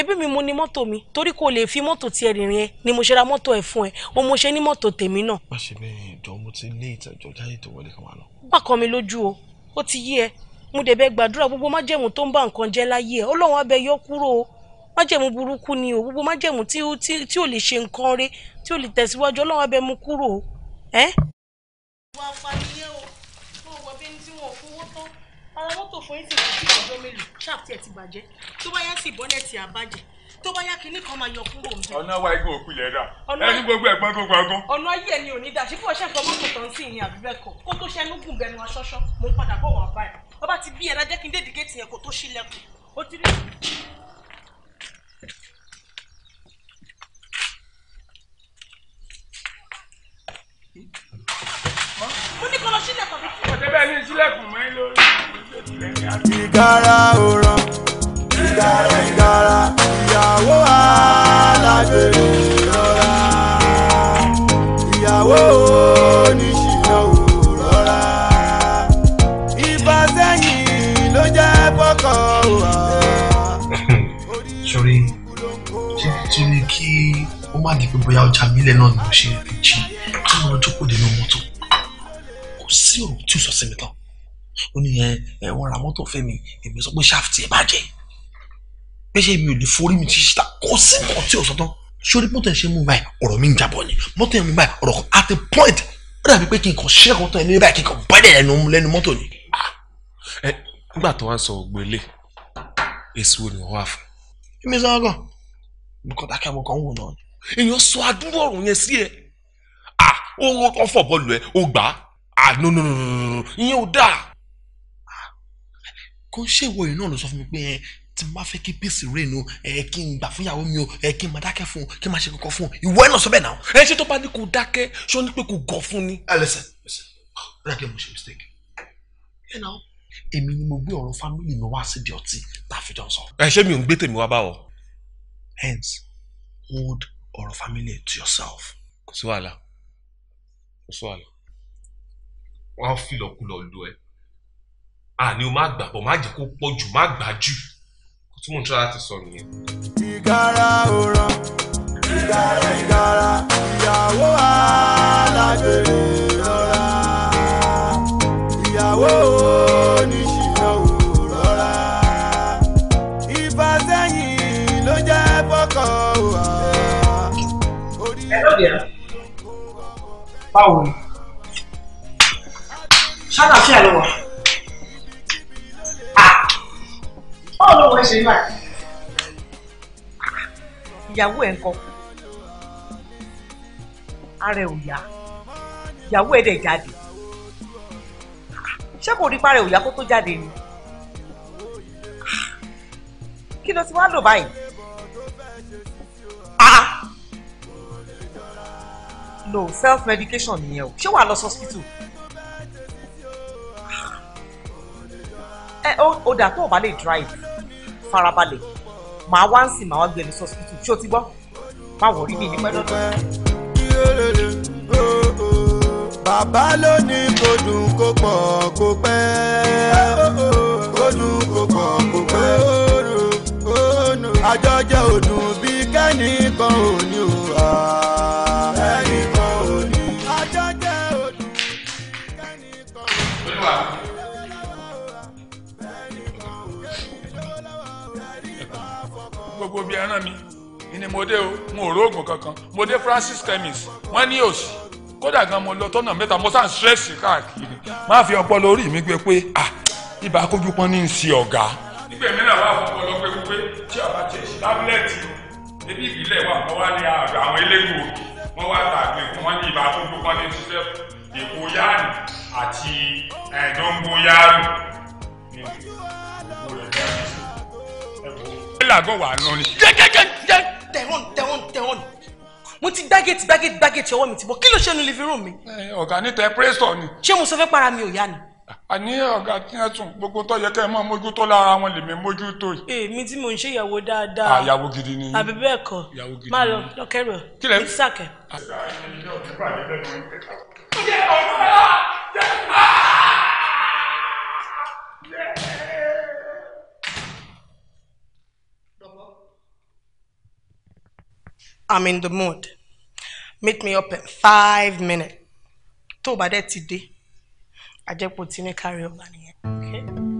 ebi mi mo ni mọ́tò mi torí kò lè fi mọ́tò tiẹ̀ rìnrìn ẹ ni mo ṣe ra mọ́tò ẹ fún ẹ o mo ṣe ní mọ́tò tèmi náà. má ṣe bẹ́ẹ̀ ìjọ mo ti lé ìtàjọ jáde tó wọlé kan wà lọ. bákọ mi lójú o ó ti yí ẹ mo dẹ̀ bẹ́ẹ̀ gbàdúrà gbogbo májẹ̀mú tó ń bá nǹkan jẹ́ láyé ẹ ọlọ́run abẹ yọ kúrò o májẹ̀mú burúkú ni o gbogbo májẹ̀mú tí ò lè ṣe nǹkan rẹ tí ò lè tẹ̀síwájú ọlọ́run abẹ mú kúrò o. ẹ. wàá fà ara mọ́tò fún yín sì kò sí ọjọ́ mélòó ṣáàpù tiẹ̀ ti bàjẹ́ tó bá yá sí ìbọ́nẹ̀tì àbájẹ́ tó bá yá kinní kan máa yọ kúrò ń bẹ. ọ̀nà wa igbó òkú ilẹ̀ rà ẹni gbogbo ẹ̀gbọ́n gbogbo agbọ́n. ọ̀nà ayé ẹ̀ ni ò ní dá ṣé fún ọṣẹ́ ìfọwọ́ mọ́tò tó ń sìn yín àbí bẹ́ẹ̀ kọ́ kó tó ṣẹnu gùn bẹnu aṣọ́ṣọ́ mo ń padà bọ̀ wá báyìí bàbá ti bí ẹ̀ rájẹ́ kí n dédìí géètì yẹn kó tó ṣílẹ̀kùn ó ti rí. mo ní kọ́ lọ sílẹ̀kùn mi. ọ̀tẹ̀ bẹ́ẹ̀ ni sílẹ̀kùn mọ́ ẹ lórí ìgárá òràn ìgárá ìgárá ìyàwó alágbèrè rọra ìyàwó oníṣìná ò rọra ìfàsẹ́yìn ló jẹ́ fọ́kọ̀ wà. sori ṣe nítorí kí ó má di pé bóyá ọjà mílẹ̀ náà ni mo ṣe fi jí tí mo lọ jókòó dé mọ́tò kò sí òun tí ò sọ sí mi tán ó ní ẹ ẹ wọ́n ra mọ́tò fẹ́ mi èmi sọ pé ṣáfìtì ẹ bàjẹ́ bẹ́ẹ̀ ṣe mi ò lè forí mi ti ṣe ta kó sí mọ̀ tí ò sọ tán sórí mọ́tò ẹ̀ ṣe mú báyìí ọ̀rọ̀ mi ń jabọ̀ ni mọ́tò ẹ̀ mú báyìí ọ̀rọ̀ kan at a point ó dàbí pé kí n kàn ṣe ẹ̀kọ́ tán ẹ̀ níbẹ̀ kí n kàn bá dẹ̀ lẹ́nu mọ́tò ni. Ah! ẹ nígbà tó wá sọ ògbélé èsì wo ni wọ́n wà fún. èmi sọ ọgàn nǹkan dákẹ́ mo kàn ń wò náà ni. èèyàn sọ àdúrà ọ̀rùn yẹn sí ẹ ah! ó kàn fọ̀ bọ́ọ̀lù ẹ ó gbà á ah! no ìyẹn ò dáa kan ṣé ìwọ yìí náà ló sọ fún mi pé ẹ tí n bá fẹ́ kí peace reign o ẹ kí n gbà fún ìyàwó mi o ẹ kí n máa dákẹ́ fún o kí n máa ṣe kankan fún o ìwọ ẹ náà sọ bẹ́ẹ̀ náà ẹ ṣé tó bá ní kó dákẹ́ ṣó ní pé kó gọ̀ fún ni. ẹ lẹsẹ lẹsẹ rẹgẹ mo ṣe mistake ẹ náà èmi ni mo gbé ọ̀rọ̀ family mi wá síbi ọtí tá a fi jọ sọ. ẹ ṣé mi ò ń gbé tèmi wá bá hence hold ọ̀rọ̀ family to yourself. kò sí wàhálà kò sí wàhálà. wọ́n á fi lọ́kùlọ̀ lu ẹ a ah, ní o má gbà bọ̀ má jẹ́ kó pọ̀ jù má gbà jù kó tí mò ń tọ́ láti sọ nìyẹn. ìgárá ò ràn ìgárá ìyàwó alágbèrè rọra ìyàwó oníṣìná ò rọra ìfàsẹ́yìn ló jẹ́ fọ́kọ̀ wá. báwo ni ṣáná ṣe ẹ lọ báwo ló wọ́n ṣe náà. ìyàwó ẹ̀ ń kọ́ ara ẹ̀ ò yá ìyàwó ẹ̀ dẹ̀ jáde ṣé kò rí para ẹ̀ ò yá kó tó jáde ni kí ló ti wá lò báyìí. no self medication nìyẹn o ṣé wàá lọ sọ ẹ ó dà tó o bá lè drive farabalẹ̀ màá wá ń sìn màá wá gbé ẹni sọ hospital ṣé o ti gbọ́ má wọ̀ mi ní pẹ́ẹ́dọ́dọ́. bàbá ló ní kó dùn kó pọ̀ kó pẹ́ kó dùn kó pọ̀ kó pẹ́ àjọjẹ òdùn bíi kẹ́nìkan ò ní o. oúnjẹ ẹran mi ni mo dé o mo rò oògùn kankan mo dé Francis chemist wọ́n ní òsì kódà gan mo lọ tọ́nà mẹ́ta mo sàn stress káàkiri má fi ọpọlọ orí mi gbé pé ah ibà kójú pọ́n ní í ọ̀gá. nígbà mí náà wà fún ọpọlọ pé wípé tí a bá jẹ ṣe tábìlẹ́tì ebi ìbílẹ̀ wà wọ́n wá ní àgbà àwọn elégbò wọ́n wá tàgbé wọ́n ní ibà kójú pọ́n ní ṣiṣẹ́ èkó yáàrì àti ẹ̀ẹ́dógún yáàrì làgọ̀ wà nù ni. tẹ̀hún tẹ̀hún tẹ̀hún mo ti dágẹ́tì dágẹ́tì dágẹ́tì ọwọ́ mi ti bọ̀ kí ló ṣe nu living room mi. ọ̀gá ní tẹ pírẹ́sọ̀ ni. ṣé mo sọ fẹ́ para mi ò yá ni. àní ọ̀gá tí wọ́n tún gbogbo tó yẹ kẹ́ ẹ máa mójútó lára wọn lèmi mójútó yìí. èmi tí mò ń ṣe ìyàwó dáadáa. àyàwó ah, gidi ni. àbí bẹ́ẹ̀ kọ́ máa lọ lọ́kẹ́rù ní sàkẹ́. ṣé ah. ọ̀gá I'm in the mood meet me up in five minutes tó o bá dẹ̀ ti dé àjẹpọ̀ tí ní carry over nìyẹn. Okay?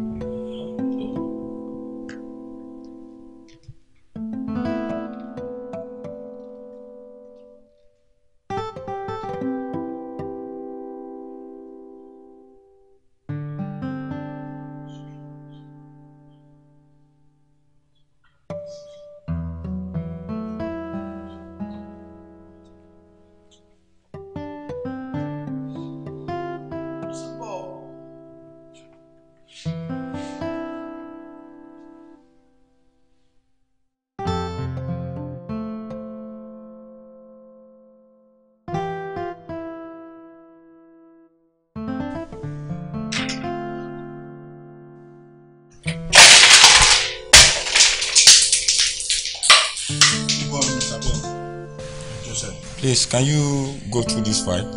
please can you go through this file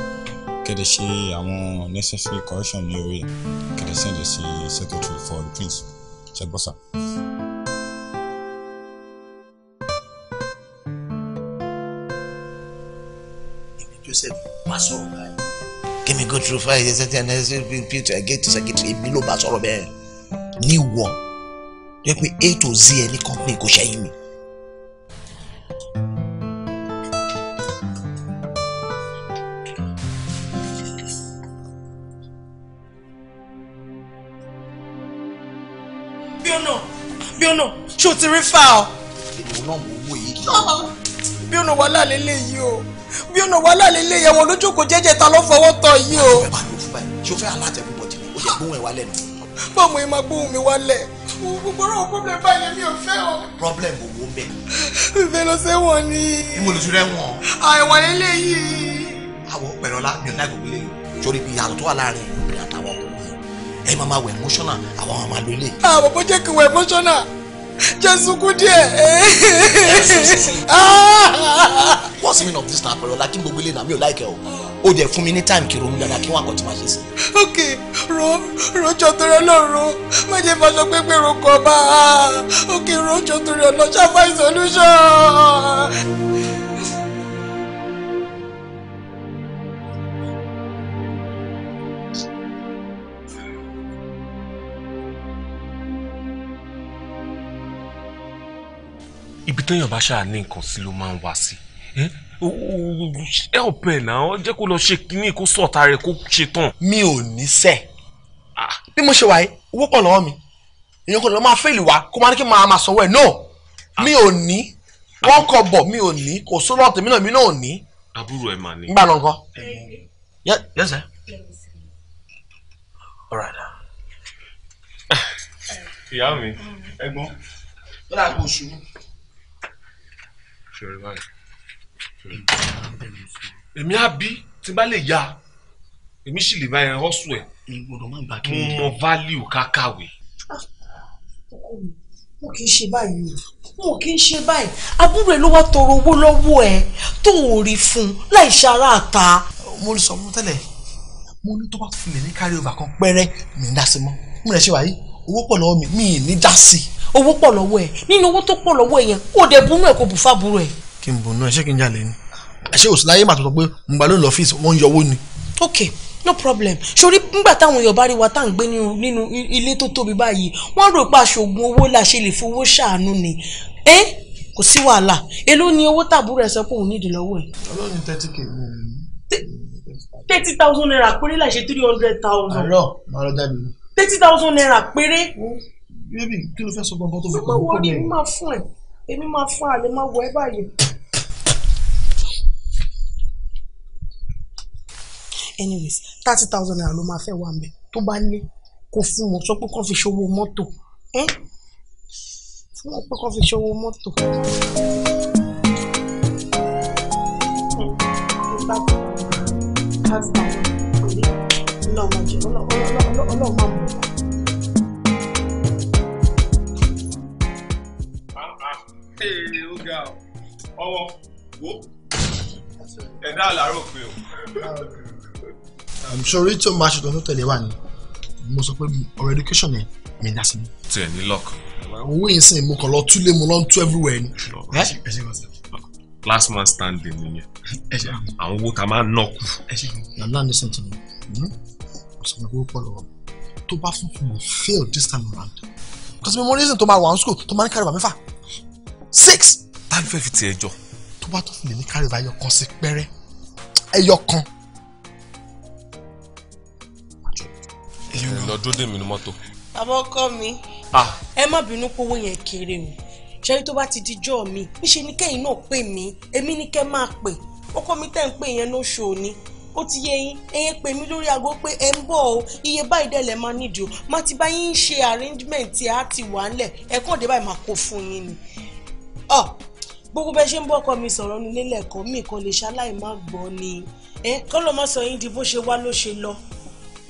kẹ̀dẹ̀ ṣe àwọn necessary correction ní orí ẹ̀ kẹ̀dẹ̀ send it sí secretary for the prince ṣẹ́gbọ́sà. Joseph má sọ̀rọ̀ báyìí. go through file ṣe ṣẹ́tí ẹni ṣe fi picture ẹ̀ gate secretary èmi ló bá sọ̀rọ̀ bẹ́ẹ̀ ní wọ̀ jẹ́ pé A to Z ẹ ní company kò ṣẹ́yìn mi. mẹ́fà o. èmi náà mò ń wò yìí. bí ọ̀nà wàhálà lélẹ̀ yìí o bí ọ̀nà wàhálà lélẹ̀ yẹn wọn lójú kò jẹ́jẹ́ ta ló fọwọ́ tọ yìí o. ẹ bá mi fún báyìí ṣé o fẹ́ aláàtẹ̀ púpọ̀ jù ní o ṣe gbóhùn ẹ̀ wálẹ̀ nù. báwo ni màá gbóhùn mi wálẹ̀ gbogbo ọ̀rọ̀ problem báyìí mi ò fẹ́ o. problem owó ń bẹ. ìfẹ́ ló ṣe wọ̀n ni. ìmọ̀ lójú rẹ̀ wọ̀n. àìwọ̀n lélẹ́yìí. àwọ̀ pẹ̀lọ́lá mi ò láì gbogbo lè torí bí àlọ́ tó wà láàrin ìrìn àtàwọn ọkùnrin ẹ máa ma wọ emotional àwọn máa ma lo ilé. àwọn bó jẹ́ kí n wọ emotional. Jésù kú díẹ̀. What's the meaning of this na pẹ̀lú ọ̀la kí n gbogbo ilé nàmí ò láìkẹ́ o? O dẹ̀ fún mi ní time kí ronú dáadáa kí wọ́n àkọ́tí máa ṣe sí. Ok, ro rojọ torí ọlọ́run, má jẹ́ fàṣọ pépé roko ọba. Ok, rojọ torí ọlọ́run, ṣáfà solution. ibi téèyàn bá ṣáà ní nǹkan sí ló máa ń wá sí help ẹ náà jẹ́ kó lọ ṣe kínní kó sọ̀tà rẹ̀ kó ṣe tán. mi ò ní sẹ́ ah. bí mo ṣe wà yìí owó pọ̀ lọ́wọ́ mi èèyàn kò lọ́ máa fẹ́ẹ̀lì wá kó máa ní kí n máa máa sanwó ẹ̀ no ah. mi ò ní wọ́n kọ̀ bọ̀ mi ò ní kò sólọ́ ọ̀tẹ̀ mi náà mi náà ò ní. àbúrò ẹ̀ mà ní. gbà lọ nǹkan. ìyá mi ẹ̀gbọ́n. bọ́lá kò ṣubú fèrè báyìí. èmi á bí tí n bá lè ya èmi sì lè bá ẹ họ́sù ẹ̀ mo mọ value kákàwé. Ah, mo kì í ṣe báyìí mo kì í ṣe báyìí àbúrò ẹ ló wá tọrọ owó lọ́wọ́ ẹ tó ń rí fún láì ṣara àta. mo sọ fún tẹ́lẹ̀ mo ní tó bá fún mi ní carry over kan pẹ́rẹ́ mi ń dá sí mọ́ mo lè ṣe wáyé owó pọ̀ lọ́wọ́ mi mi ì ní dá sí i owó pọ̀ lọ́wọ́ ẹ̀ nínú owó tó pọ̀ lọ́wọ́ yẹn ó dẹ̀ bunú ẹ̀ kó bù fábùrù ẹ̀. kí n bunú ẹ ṣé kí n jalè ni ṣé òsì láyé màtọ́tọ́ pé mo gbà lónìí lọ́fíìsì wọ́n ń yọwó ni. ok no problem sori ngbà táwọn èèyàn bá rí wa tá à ń gbé nínú ilé tó tóbi báyìí wọ́n rò pé aṣoògùn owó la ṣe lè fowó ṣàánú ni ẹ kò sí wàhálà èló ni owó tàbúrò ẹ sọ pé òun nídìí lọ́wọ́ ẹ. ọlọ́run thirty k mú mi. thirty thousand naira péré láì three hundred thousand. àárọ̀ màá lọ jáde. thirty thousand naira péré bébì kí ló fẹ́ sọ gbọ́n tó bẹ̀ pẹ̀lú kọ́ mi. èmi máa fún ẹ èmi máa fún ẹ báyìí. anyways thirty thousand naira ló máa fẹ́ wà mẹ́ tó bá ní kó fún wọn sọ pé kàn fi ṣòwò mọ́tò fún wọn pé kàn fi ṣòwò mọ́tò. Ọlọ́run máa bọ̀. ee ó ga ọ ọwọ́ wo ẹ̀dá àlárò pé o. sori tí o máa ṣètò tó tẹ̀lé wa ni mo sọ pé ọ̀rọ̀ education yẹn mi dá sí ni. tẹ ní lọkọ. owó yẹn sìn mo kàn lọ túlé mo lọ ń tú everywhere ni. last man standing nìyẹn àwọn owó tá a máa ń nọ kù. nana ní sèǹtì ni ọ̀sán ìgbà owó pọ̀ lọ́wọ́ tó bá fún mi fail this time around. because mi mo reason tó máa wà ní school tó máa ń kárí bàmí fà six. ta ló fẹ́ fi tiẹ̀ jọ. tó bá tó fi lè ní kárí ìbáyọ kan sí pẹ́rẹ́ ẹyọ kan. lọ dúró dè mí ní mọ́tò. bàbá ọkọ mi ẹ má bínú pé owó yẹn kéré o ṣẹ́rí tó bá ti dijọ́ mi níṣẹ́ ni kẹ́yìn náà pè mí èmi ni kẹ́ máa pè ọkọ mi tẹ́ ń pè yẹn ló ṣòó ni ó ti yé yín ẹyẹ pè mí lórí aago pé ẹ ń bọ̀ o iye báyìí dẹ̀ lẹ̀ máa nídìí o má ti bá yín ṣe arrangement tí a ti wà ńlẹ̀ ẹ kàn dé báyìí máa kó fún yín ni ọ gbogbo bẹ ṣe ń bọ́kọ mi sọ̀rọ̀ nílé lẹ́kọ̀ọ́ mi kan lè ṣaláì má gbọ́ ni ẹ kọ́ ló má sọ yín di bó ṣe wá ló ṣe lọ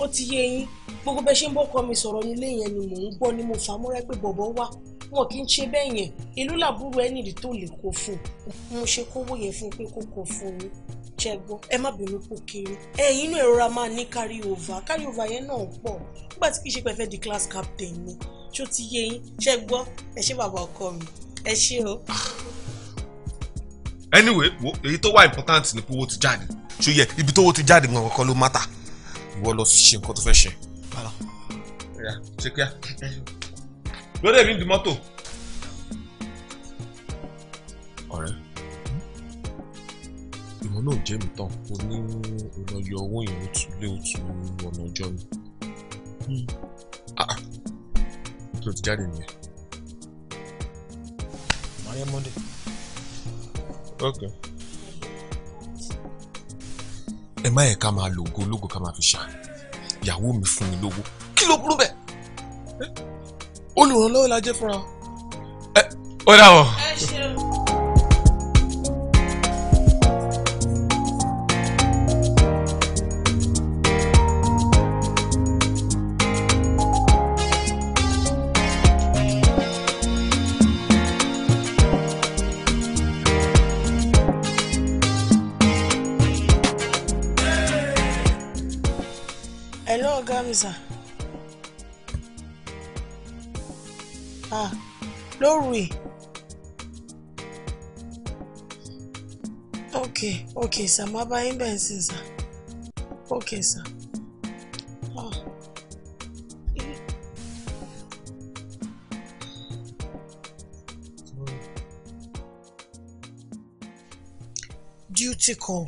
ó ti yé yín gbogbo bẹ ṣe ń bọ́kọ mi sọ̀rọ̀ nílé yẹn ni mò ń gbọ́ ni mo fà á múrẹ́ pé bọ̀bọ̀ wá wọn kì í ṣe bẹ́ẹ̀ yẹn ìlú làbúrò ẹni rí tó lè kó fún mo ṣe kówó yẹn fún pé kó kó fún yín ṣe gbọ́ ẹ má bínú kó kéré ẹ̀yin inú ìrora máa ní carry over carry over yẹn náà pọ̀ nígbà tí kì í ṣe pé di class captain ni ṣó ti yé yín ṣe gbọ́ ẹ ṣe bàbá ọkọ mi ẹ ṣé o. anyway wo èyí tó wà important ni pé owó ti jáde ṣó yẹ ibi tó owó ti jáde gan kankan ló mátà ìwọ lọ ṣe nǹkan tó fẹ́ ṣe. ṣe kíá lórí èmi ń di mọ́tò. ọ̀rẹ́ ìwọ náà jẹ́ mi tán o ní ìlọ́yọ̀ owó yẹn ó tún lé òtún ọ̀nà ọjọ́ mi. Hmm. Ah, ah. tó ti jáde nìyẹn. Maria Monday. Okay. Ẹ má yẹ ká máa lo ògo ológo ká máa fi ṣà. Ìyàwó mi fún mi lówó. Kí ló burú bẹ́ẹ̀? Olùrànlọ́wọ́ la jẹ́ fúnra. Ẹ ó wọ̀. Ẹ ṣeun. ah lóru yìí ok ok sir. má bá yín bẹ́ẹ̀ sí sir. ok sà. Duty call.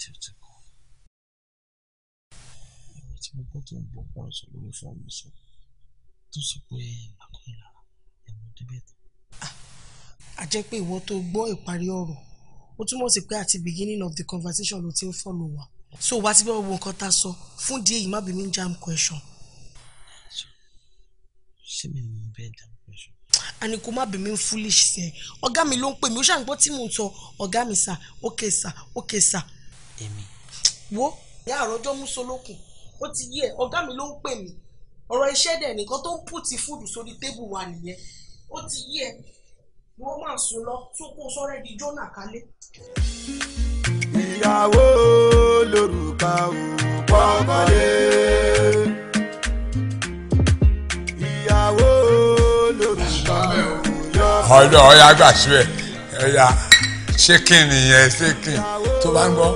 Duty call. Ìwé tí mo gbọ́ ń bọ̀ wọ́n sọ lórí fóònù sọ tó sọ pé màkọ́yìn lára ẹ̀mú débẹ̀ tán. a jẹ́ pé ìwọ tó gbọ́ ìparí ọ̀rọ̀ ó túmọ̀ sí pé àti beginning of the conversation ló ti ń fọ́lọ̀ wá so wá ti bá gbogbo nǹkan tá a sọ fún díẹ̀ yìí má bí mi ń jam question. ṣé mi ń bẹ́ẹ̀ jam question. àní kò má bí mi ń foolish sẹ́ ọ̀gá mi ló ń pè mí ó ṣàǹgbọ́ tí mò ń sọ ọ̀gá mi sà ókè sà ókè sà. èmi. wo ìyá àròjọ mú solókùn ó ti yí ẹ ọ̀gá mi ló ń pè mí ọ̀rọ̀ iṣẹ́ dẹ̀ nìkan tó ń pùtì fúdù sórí tébù wa nìyẹn ó ti yí ẹ wọ́n máa sùn lọ tó sọ́rẹ́ di jọ́nà kálé. ìyàwó lórúkà òpó ọmọdé. ìyàwó lórúkà òyọ. ọ̀dọ̀ ọ̀yá gbà síbẹ̀ ẹ̀yà ṣé kí nìyẹn ṣé kí tó bá ń gbọ́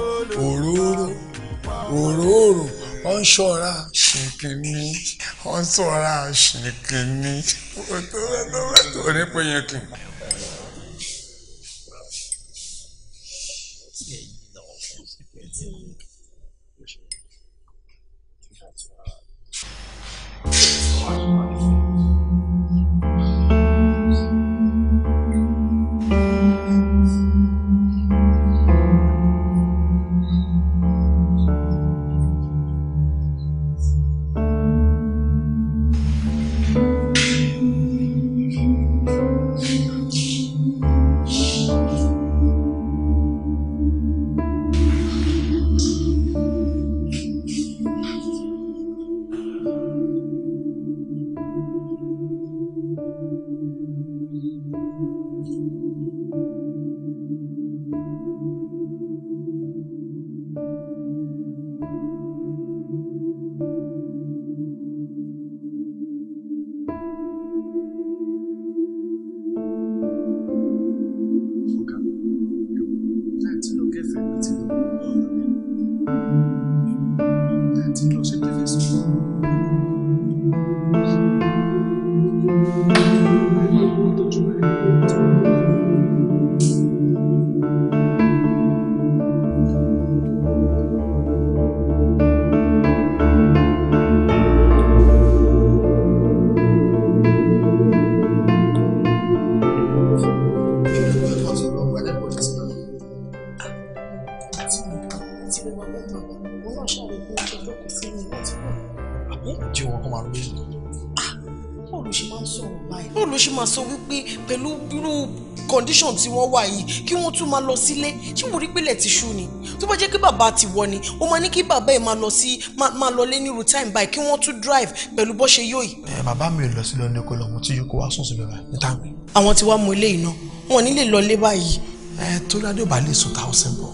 òróró òróró ó ń ṣọ́ra ṣìnkìní ó ń ṣọ́ra ṣìnkìní torí pé yẹn kì í. tún máa lọ sílé ṣé mo rí pélé ti ṣú ni tó bá jẹ́ kí bàbá ti wọ ni ó máa ní kí bàbá ẹ̀ máa lọ sí máa lọ lé nírú time báyìí kí wọ́n tún drive pẹ̀lú bó ṣe yóò yìí. ẹ bàbá mi ò lọ sílé ọ̀nà ẹ̀kọ́ lọ́wọ́ tí yóò kó wá sùn síbẹ̀ báyìí níta mi. àwọn ti wá mú ilé iná wọn ò ní lè lọ lé báyìí. ẹ tó ládé ò bá lè sùn táwọn sẹ́ńbọ̀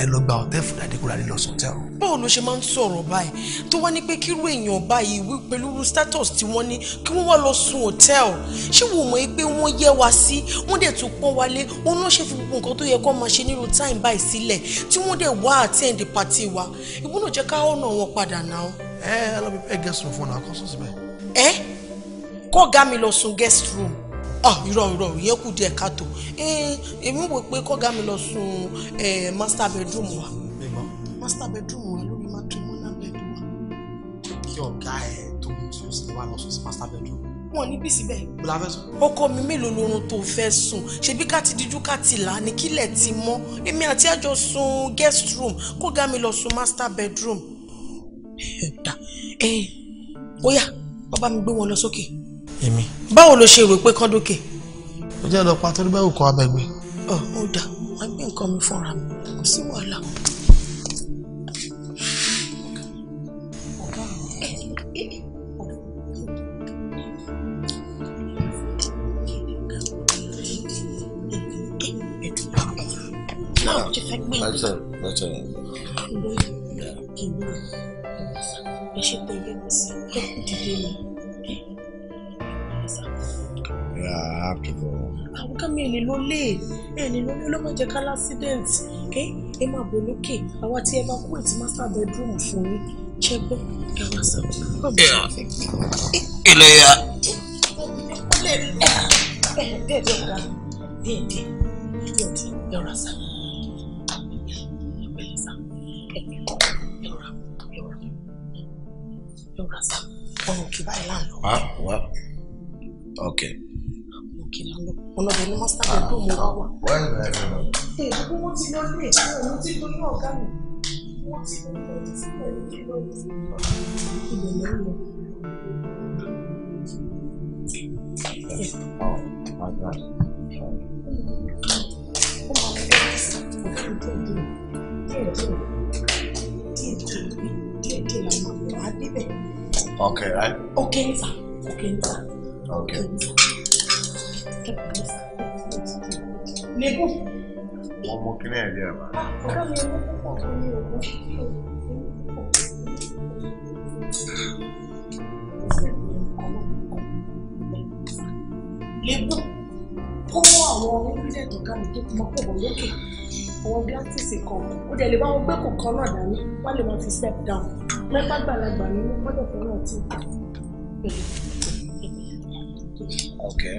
ẹ lọ gba ọ̀tẹ́ fún dàdé kúrò àdé lọ sọ̀tẹ́ o. báwo ló ṣe máa ń sọ̀rọ̀ báyìí tó wá ní pé kírú èèyàn báyìí wí pẹ̀lú status tí wọ́n ní kí wọ́n wá lọ sun hòtẹ́ẹ̀lì ṣé wò mọ̀ pé wọ́n yẹ wá sí wọ́n dẹ̀ tún pọ́n wálé wọn náà ṣe fi gbogbo nǹkan tó yẹ kó máa ṣe nírú time báyìí sílẹ̀ tí wọ́n dẹ̀ wá attend party wa ìwọ náà jẹ́ ká ọ̀nà wọn padà náà. ẹ ẹ lọ bí pẹ́ guest room fún ọ náà kó sùn síbẹ̀. ẹ kọ́ ọ̀gá mi lọ sun guest room Ah, irọ́ irọ́ ìyẹn kù díẹ̀ káàtó eh, èmi wò pé kọ́gá mi lọ sùn eh, master bedroom wa master bedroom wa lórí matrimonial bedroom. wa. kí ọ̀gá ẹ̀ tó mú tí ó sì lọ sùn sí master bedroom. wọn níbí síbẹ̀. bùlá fẹ́ sùn. ọkọ mi mélòó lorun tó fẹ́ sùn ṣebí ká ti díjú ká ti là á ní kílẹ̀ ti mọ́ èmi àti àjọ sùn guest room kọ́gá mi lọ sùn master bedroom. ẹ̀ẹ́dà ẹ̀ẹ́n eh, bóyá bàbá mi gbé wọn lọ sókè. Okay èmi. báwo ló ṣe rò pé kán dókè. ó jẹ́ lọ́pàá tó bẹ́ẹ̀ kọ́ abẹ́gbé. ọ ó dà wọ́n gbé nǹkan mi fúnra mi kò sí wàhálà. Better, better. Yeah. lólè ẹ ní lólè ọlọ́mọ jẹ́ ká lásídẹ̀ǹt ẹ ẹ máa bọ̀ lókè àwa tí ẹ bá kú ètí master bedroom fún yín ṣẹgbẹ́ ẹ wá sọ. ilé ya. díẹ̀ díẹ̀ ọ̀gá díẹ̀ díẹ̀ díẹ̀ díẹ̀ yọ̀rọ̀ sá. Yọ̀rọ̀ sá. Ọ̀rọ̀ kì báyìí láàánú. Wá wá. Okay òkè ló lọ ọ̀nà ọ̀bẹ ni master bedroom mo ah, wá wà. èyí kó wọ́n ti lọ ilé ìtura òun ti lóyún ọ̀gá mi wọ́n ti lọ ilé ìtura òun ti lọ ilé ìtura òun Okay, right? Okay, sir. Okay, sir. Okay. okay. Mego. Wọ́n mú kíní ẹ̀rí ẹ̀ bá. Ọ̀gá mi àwọn orílẹ̀-èdè ọ̀gá mi tó mọ́ pọ̀ lókè. Àwọn gíláàsìsì kan, ó dẹ̀ lè bá wọn gbé kọ̀ọ̀kan náà dání, wọ́n lè máa fi step down. Mẹ́fà gbàlagbà ni wọ́n gbọ́dọ̀ fẹ́ràn ọtí. Okay.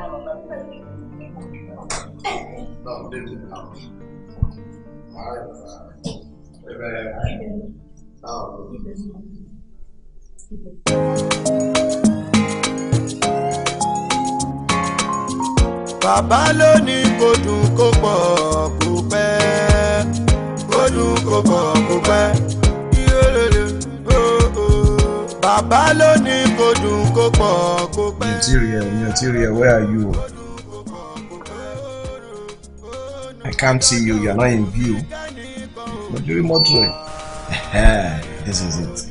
No, they did not. I, uh, Bàbá ló ní kó dùn kó pọ̀ kó pẹ́, kó dùn pọ̀ kó pẹ́ bàbá ló ní kò dùn kó pọ̀ kó pẹ́. mi ò tí ì rí ẹ mi ò tí ì rí ẹ where are you. I can't see you you are not in view. lójúrí mọ́tò ẹ̀ this is it.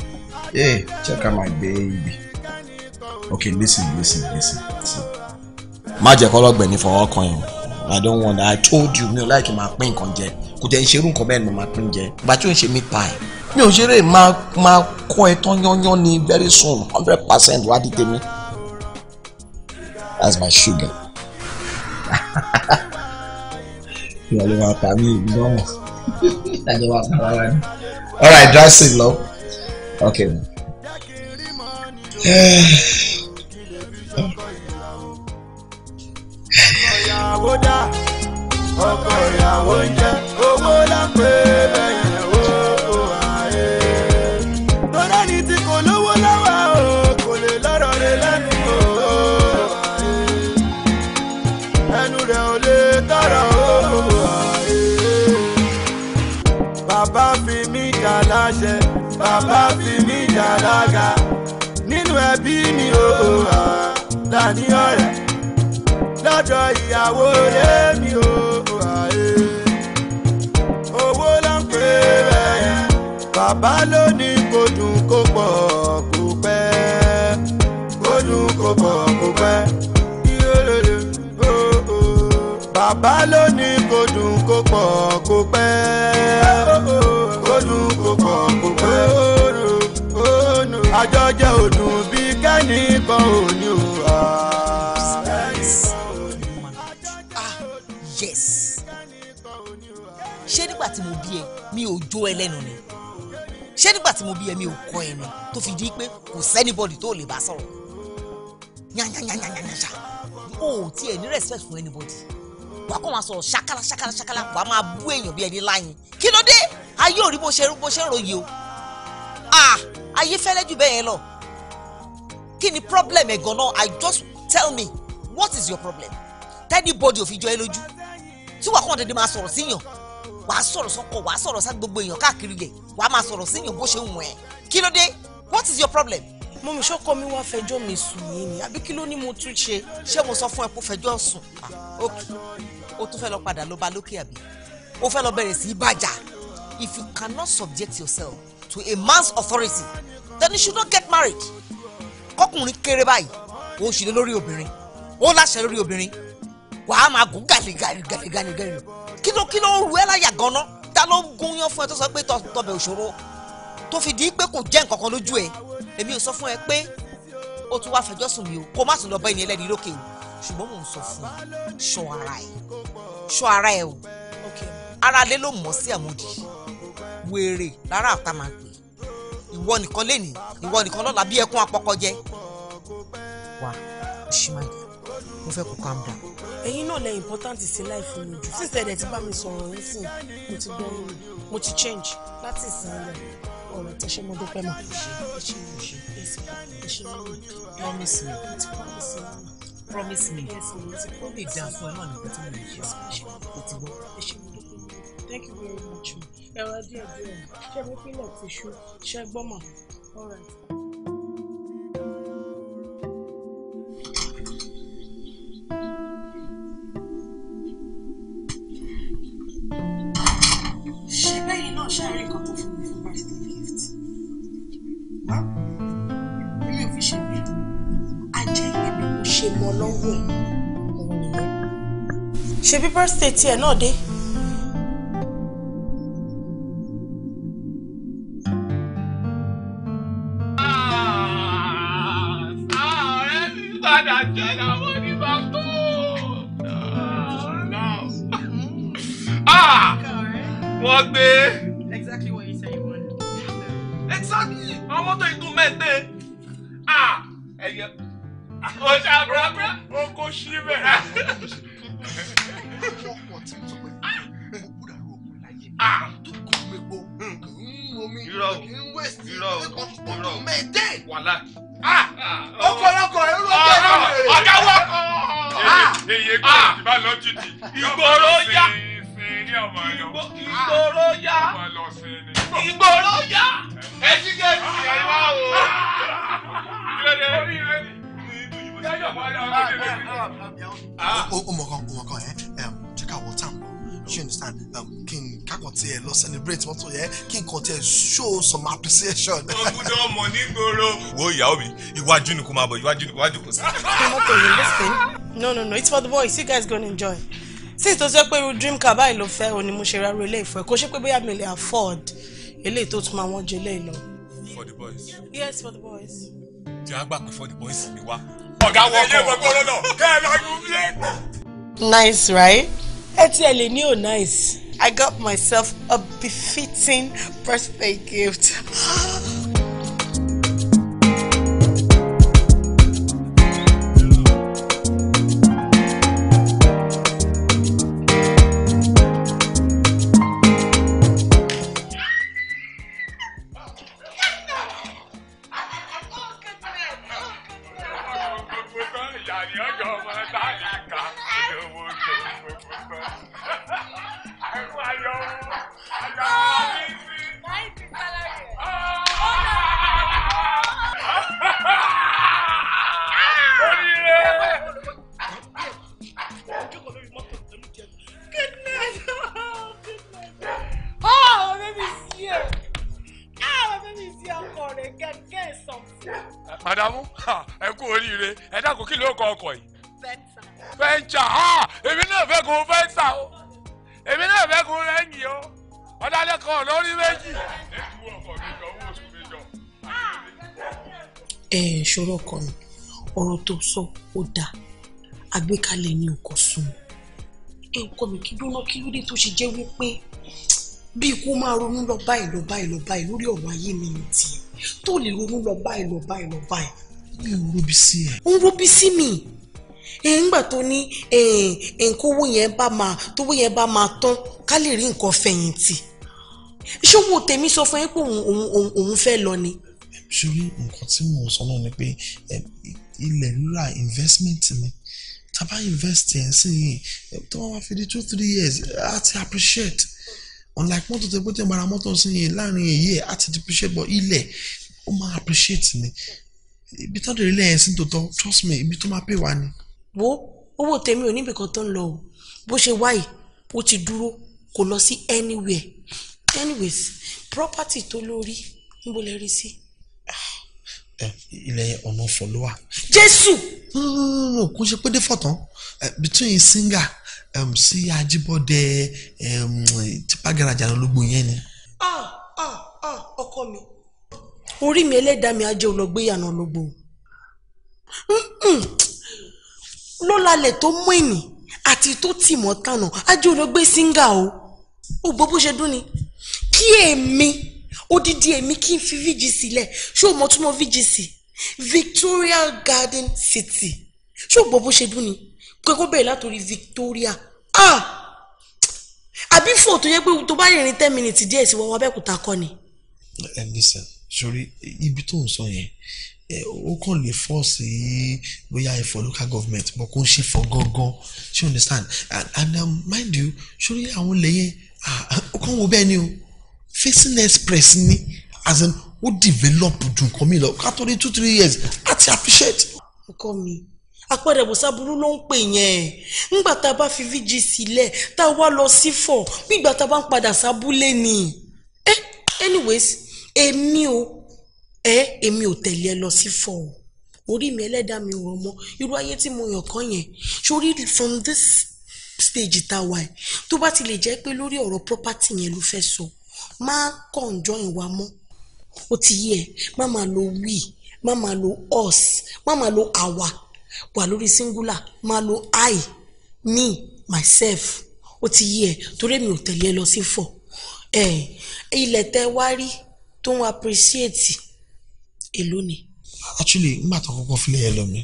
Hey, check out my baby. Okay, listen, listen, listen. listen. má jẹ́ kọ́lọ́gbẹ̀ ní fọwọ́ kan yẹn I don't want that I told you mi ò láìkí máa pín nǹkan jẹ kò jẹ́ ń ṣerú nǹkan bẹ́ẹ̀ ni màá tún jẹ ìgbà tí ò ń ṣe mí pa ẹ̀ mi ò ṣeré máa máa kọ́ ẹ tán yányán ni very soon hundred percent wá di tèmi that's my sugar ìwà ló máa ta mí ìgbọ́mọ̀ ìdájọ́ wa pa rárá ni all right dry sleep lọ okay. ọkọ ìyàwó dá ọkọ ìyàwó ń owó lápẹ́ bẹ́yẹn ó àyè. tọ́lá ní tí kò lówó láwà o kò lè lọ́rọ̀ rẹ lẹ́nu o àyè. ẹnu rẹ̀ ò lè tọrọ o àyè. bàbá fi mí jà láṣẹ bàbá fi mí jà lága nínú ẹbí mi o àdá ní ọ̀rẹ́ lọ́dọ̀ ìyàwó rẹ̀ mi o. bàbá ló ní kó dùn kó pọ̀ kó pẹ́ kó dùn kó pọ̀ kó pẹ́ oh, oh. bàbá ló ní kó dùn kó pọ̀ kó pẹ́ kó dùn kó pọ̀ kó pẹ́ oh, àjọjẹ òdùn bí kẹ́nìkan ò ní o. Ah, ṣé nígbà tí mo bí ẹ mi ò jó ẹ lẹ́nu ni ṣé nígbà tí mo bí ẹmí ò kọ ẹni tó fi di pé kò sẹ́nibọ̀dì tó lè bá sọ̀rọ̀ yányányányányányá o ò tiẹ̀ ní respect fún anybody wà á kọ́ máa sọ̀rọ̀ ṣakala ṣakala ṣakala wà á máa bú èèyàn bí ẹni láyìn kí ló dé ayé ò bó ṣe bó ṣe ròyìn o ah ayé fẹ́lẹ́ jù bẹ́ẹ̀ yẹn lọ kí ni problem ẹ̀ gan-an i just tell me what is your problem tẹ́nibọ́dì ò fi jọ ẹ lójú tí wàá kàn dédé máa sọ̀rọ̀ síyàn wàá sọ̀rọ̀ sọ́kọ wàá sọ̀rọ̀ sá gbogbo èèyàn káàkiri yẹ wàá máa sọ̀rọ̀ síyàn bó ṣe ń wọ̀n ẹ́ kí ló dé what is your problem. mo mi sọkọ mi wá fẹjọ́ mi sùn yìí ni àbí kí ló ní mo tún ṣe ṣé mo sọ fún ẹ kó fẹjọ́ sùn ah, okay o tún fẹ́ lọ padà ló ba lókè àbí o fẹ́ lọ bẹ̀rẹ̀ sí í bàjá if you cannot subject yourself to a man's authority then you should not get married kọkùnrin kéré báyìí o ṣì lé lórí obìnrin o láṣẹ lórí obìnrin wàá máa gùn gàlégàlégàlégàlégàlé kí ló kí ló ń ru ẹ́ láyà gan-an ta ló ń gun yan fún ẹ tó sọ pé tọbẹ̀ òṣòro tó fi di pé kò jẹ́ nǹkan lójú ẹ èmi ò sọ fún ẹ pé ó tún wá fẹjọ́ sùn mí o kó má tún lọ bá ẹni ẹlẹ́ni lókè o ṣùgbọ́n mò ń sọ fún un ṣọ́ ara ẹ ṣọ́ ara ẹ o ara lé ló mọ̀ sí àmúdi wèrè lára àta máa ń pè ìwọ nìkan lénìí ìwọ nìkan lọ́la bí ẹkún apọ́kọ jẹ́ wà á mo fẹ́ kó calm down ẹ̀yin náà lẹ important sí life mi jù sísè ẹ̀dẹ̀ tí bá mi sọ̀rọ̀ yín sí mo ti gbọ́ mi mo ti change láti ìsìn lọ ọ̀rọ̀ tẹ̀sẹ̀ mo dúpẹ́ mọ́. promise me promise me ó lè dà fún ẹ náà nígbà tí mo lè ṣe ó ti gbọ́. thank you very much ẹ̀rọ díẹ̀ díẹ̀ ṣé mo fi lè fi ṣú ṣé gbọ́mọ̀ all right. ṣàárẹ̀ kan tó fún mi fún birthday gift wá mi ò fi ṣe mí ni mo ṣe mọ́ lọ́wọ́ ẹ̀ ṣe bí birthday tiẹ̀ náà dé. some appreciation. ọgùdọ̀ ọmọ nígboro. wo ìyàwó mi iwájú ni kò máa bọ̀ iwájú ni kò wájú kò sí. mọ́tò yìí ló sìn. no no no it's for the boys you guys go and enjoy. Since ìtọ́jú ẹ pé irú dream car báyìí ló fẹ́ òní mo ṣe rárá ilé ìfọ̀ ẹ̀ kó ṣe pé bóyá mi lè afford eléyìí tó tún máa wọ́n jẹ eléyìí lọ. for the boys. yes for the boys. jẹ́ àgbà pé for the boys mi wá. ọ̀gá wọkọ̀. nice right? ẹ tiẹ̀ lè ní ò nice. I got myself a befitting birthday gift. ìṣòro ọkọ mi ọ̀rọ̀ tó sọ ó dáa àgbékalẹ̀ ni kò sùn ẹ ń kọ́ mi kí lóná kí lóde tó ṣe jẹ́ wípé bí ikú máa ronú lọ báyìí lọ báyìí lọ báyìí lórí ọ̀rọ̀ ayé mi ní tó lè ronú lọ báyìí lọ báyìí lọ báyìí. mi ò rúbi sí ẹ. ń rúbi sí mi ńgbà tó ní nkówó yẹn bá máa tówó yẹn bá máa tán ká lè rí nǹkan fẹ̀yìntì ṣé owó tèmi sọ fún yín pé òun fẹ́ lọ ni ṣorí nǹkan tí mò ń sọ náà ni pé ilẹ̀ rírà investment mi tàbá invest yẹn sí yìí tó wọ́n wá fi di two three years á ti appreciate unlike mọ́tò tó pété mara mọ́tò sí yìí láàrin èyí á ti depreciate but ilẹ̀ ó máa appreciate ni ibi tó dé ilé yẹn sí tòótọ́ trust me ibi tó máa pay wá ni. wo owó tèmi ò níbi kan tó ń lọ o bó ṣe wáyìí ó ti dúró kò lọ sí anywhere anyways property tó lórí níbo lè rí sí. Eh, ilẹ̀ ọ̀nà fọlọ́wà. jésù. kò ṣe pé dé fọ̀tán eh, between singer um, sí ajibọdẹ um, tipa garaja lọlọgbọ yẹn ni. ah ah ah ọkọ mi orí mi ẹlẹ́dàá mi ajé olọgbéyàna lọ́gbọ̀ lọ́lalẹ̀ tó mú ìní àti tó tì mọ́ tànà ajé olọgbé singer o ò gbọ́ bó ṣe dún ni kí èmi odidi èmi kí n fi vgc lẹ̀ ṣé o mọ̀ tún mọ̀ vgc victoria garden city ṣé o gbọ́ bó ṣe dún ni kókó bẹ̀rẹ̀ látòrí victoria ah àbí fò tó yẹ pé tó bá rìnrìn ten minutes díẹ̀ sí wọn abẹ́kúta kọ́ ni. ẹ eh, listen sori ibi tó ń sọ yẹn eh, ó kàn lè fọ́ bóyá ẹ for local government bọ́ kó ń ṣe fọ́ gangan ṣé you understand and, and um, mind you sori àwọn lè yẹn ah, ó kàn wọ bẹ́ẹ̀ ni o facing express ni as in ó develop ju nǹkan mi lọ ká tó dé two three years á ti appreciate. ọkọ mi apẹ̀rẹ̀wòsàbúrú ló ń pè yẹn ńgbà tá a bá fi vg sílẹ̀ tá a wá lọ sí fọ̀ nígbà tá a bá ń padà sábúlé ni. ẹ anyways èmi ò ẹ èmi ò tẹ̀lé ẹ lọ sí fọ̀ o orí mi ẹlẹ́dàá mi rọ̀ mọ́ irú ayé tí mo yàn kán yẹn sórí from this stage tá a wà tó bá ti lè jẹ́ pé lórí ọ̀rọ̀ property yẹn ló fẹ́ sọ. So má kànjọ ìwà mọ́ ó ti yẹ má máa lo we má máa lo us má máa lo àwa wà lórí singular má lo i me myself ó ti yẹ torí mi ò tẹ̀lé ẹ lọ sí fọ ẹ ilẹ̀ tẹ wá rí tó ń appreciate èló ni. actually nígbà tó kọ́kọ́ filẹ̀ yẹn lọ mi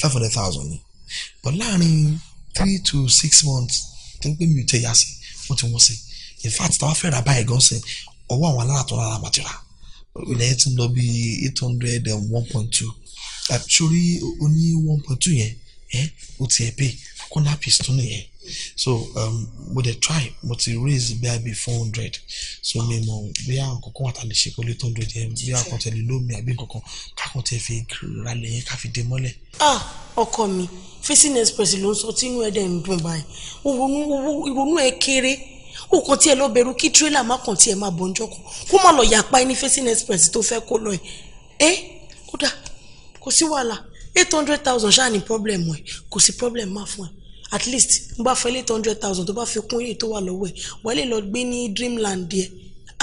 five hundred thousand ni but láàrin three to six months tó ń pè mí ò tẹ̀ yá sí ó ti wọ́n sí i in fact táwa fẹ́ ra báyìí gan sin ọwọ́ àwọn alára tó rárá màtìrà ilẹ̀ yẹn ti ń lọ bí eight hundred and one point two sórí oní one point two yẹn ó ti ẹ̀ pé corner piece tún nìyẹn so um, mo dey try mo ti raise bẹ́ẹ̀ bí four hundred so mi mọ̀ bóyá nǹkankan wà tá a lè ṣe pẹ̀lú two hundred yẹn bóyá nǹkan tẹ̀lé lómi àbí nǹkankan kákan tẹ̀ fi ralẹ̀ yẹn ká fi dé mọ́lẹ̀. ah ọkọ mi facing express ló ń sọ tí inú ẹ̀ dẹ̀ ń dùn báyìí ìrònú ẹ̀ kéré o kò tiẹ̀ lọ bẹ̀rù kí tírélà má kàn tiẹ̀ máa bọ̀ ńjọ́ kan kó má lọ yàpá ẹni facing express tó fẹ́ kó lọ ẹ̀ ẹ́ kódà kò sí wàhálà eight hundred thousand ṣáà ní problem ẹ̀ kò sí problem má fún ẹ̀ at least n bá fẹ́ eight hundred thousand tó bá fi kún èyí tó wà lọ́wọ́ ẹ̀ wọ́n lọ gbé ní dreamland yẹ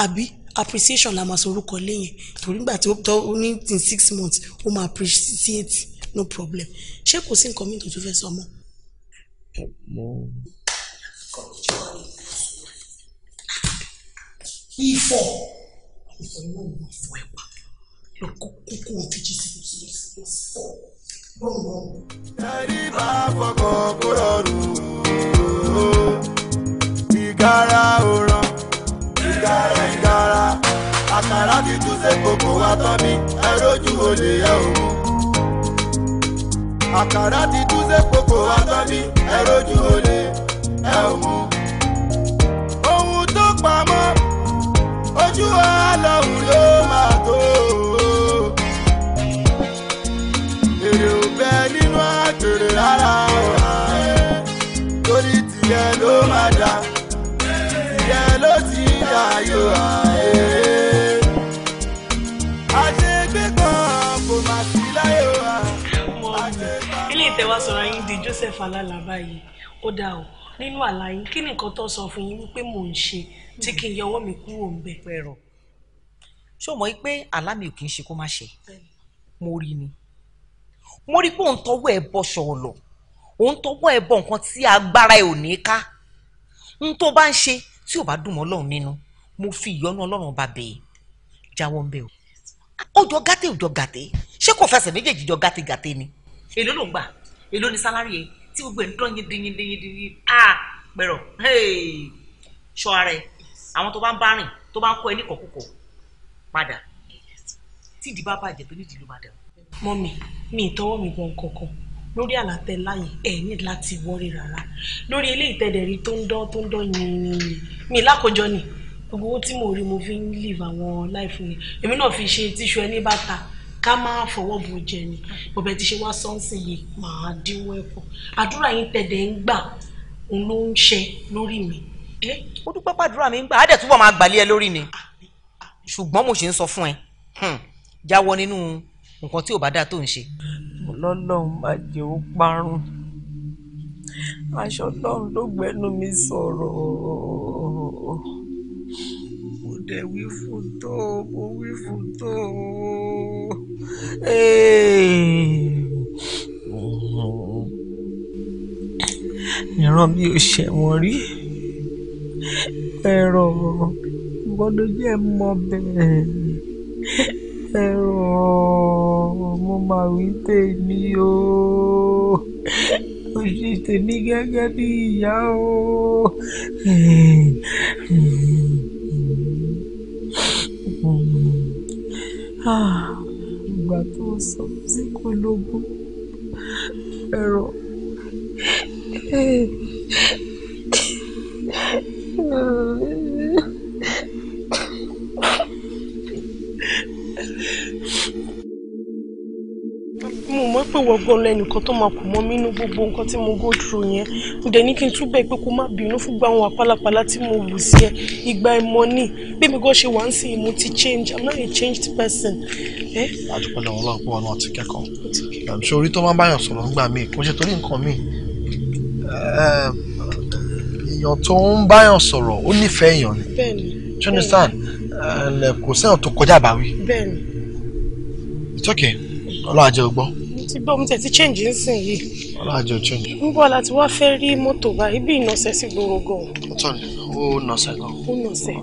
àbí appreciation la máa sọ orúkọ lẹ́yìn torí nígbà tí ó tọ́ ó ní in six months ó máa appreciate no problem ṣé kò sí nǹkan mi tó tún fẹ́ sọ mọ́. mo ifo ifo ni wọn mú afọ ẹwà lọ kó kókó òfìjì sí lọ sí lọ fọ lọrùn lọrùn. ẹni bá fọkàn kó rọrùn ìgárá òràn ìgárá ìgárá àkàrà ti tún ṣe kòkò wá tán mi ẹ rójú olè ẹ òun àkàrà ti tún ṣe kòkò wá tán mi ẹ rójú olè ẹ òun. máa dà ìyẹn ló ti dàyò àyè. àṣegbé kan kò má sí láyò wá. ilé ìtẹ̀wá sọ̀rọ̀ yín di Joseph alálà báyìí ó dà o nínú àlá yín kí ni nǹkan tó sọ fún yín wípé mò ń ṣe tí kì í yọ ọwọ́ mi kúrò ń bẹ̀. pẹ̀rọ ṣó mọ̀ pé àlá ò kì í ṣe kó má ṣe mo rí ni mo rí pé òun tọwọ́ ẹ̀ bọ ṣọ̀ọ̀lọ̀ òun tọwọ́ ẹ̀ bọ nǹkan tí agbára ẹ̀ ò ní ká n tó bá ń ṣe tí ò bá dùn mọ́ ọlọ́run nínú mo fi ìyọ́nú ọlọ́run ọba bẹ̀ẹ́ jáwọ́ ń bẹ̀ o. ó jọ gàtẹ́ ò jọ gàtẹ́ ṣé kò fẹsẹ̀ méjèèjì jọ gàtẹ́ gàtẹ́ ni. èló ló ń gbà èló ni sálárì yẹn tí gbogbo ẹ̀ ń dán yín dín yín dín yín dín yín á pẹ̀rọ̀ ṣọ́ ara ẹ̀ àwọn tó bá ń bá rìn tó bá ń kọ́ ẹ ní kọ̀kọ̀kọ̀ padà tídìí bá bàjẹ́ tó nídìí ló bá dẹ̀. mọ́mi mi ì mi bọ nǹkan lórí àlàtẹ láàyè ẹ ní láti wọrí rárá lórí ilé ìtẹ̀dẹ̀rí tó ń dán tó ń dán yìnyín mi lákòjọ ni gbogbo owó tí mo rí mo fi ń live àwọn láìfù yẹn èmi náà fi ṣe tíṣu ẹni bàtà ká má fọwọ́ bu jẹ ni bọ̀bẹ ti ṣe wá sọ́ọ̀sì yìí màá dínwó ẹ̀kọ́ àdúrà yín tẹ̀dẹ̀ ń gbà òun ló ń ṣe lórí mi. ó dúpẹ́ pàdúrà mi ń gbà á dẹ̀ túbọ̀ máa gbàlẹ́ ẹ lórí mi ah, ah, ah. ṣùgbọ́n mo ṣe ń sọ fún ẹ hmm. jáwọ́ nínú nǹkan tí ò bá dáa tó ń ṣe. ọlọ́lọ́run máa jẹ́ ó parun aṣọ ọlọ́run ló gbẹ́nu mi sọ̀rọ̀ mo dẹ̀ wí fún tó mo wí fún tó ìran mi ò ṣẹ̀wọ̀n rí ẹ̀rọ gbọ́dọ̀ jẹ́ mọ́ bẹ́ẹ̀. fẹ́ràn mo máa wí tèmi o mo ṣe tèmi gẹ́gẹ́ bí ìyá o. ìgbà tó sọ sí kò lógún ẹ̀rọ mo mọ̀ pé wọ́gán lẹ́nìkan tó máa kù mọ́ mi nínú gbogbo nǹkan tí mo go through yẹn mo dẹ̀ ní kí n túbọ̀ pé kó má bínú fún àwọn àpálapàla tí mo wù sí ẹ ìgbà ìmọ̀ ni bí mi gan ṣe wà ń sìn mo ti change i'm not a changed person. àdúpẹ́ lọ́wọ́ ọlọ́run pé ọ̀nà àti kẹ́kọ̀ọ́ ṣé orí tó máa báyọ̀ sọ̀rọ̀ ńgbà míì kò ṣe torí nǹkan míì èèyàn tó ń báyọ̀ sọ̀rọ̀ ó nífẹ̀ẹ́ èèyàn ni ẹ kò sẹ́wọ̀n tó kọjá àbáwí. bẹ́ẹ̀ni. it's okay ọlọ́run àjẹ́ ògbọ́n. mo ti gbọ́ mo tẹ̀ ti change nsìn yìí. ọlọ́run àjẹ́ change. ń bọ̀ láti wá fẹ́ rí mọ́tò báyìí bí ìnọ̀sẹ̀ sí gbòòrò gan. ó tọ̀ ní ó nọ̀sẹ̀ gan. ó nọ̀sẹ̀.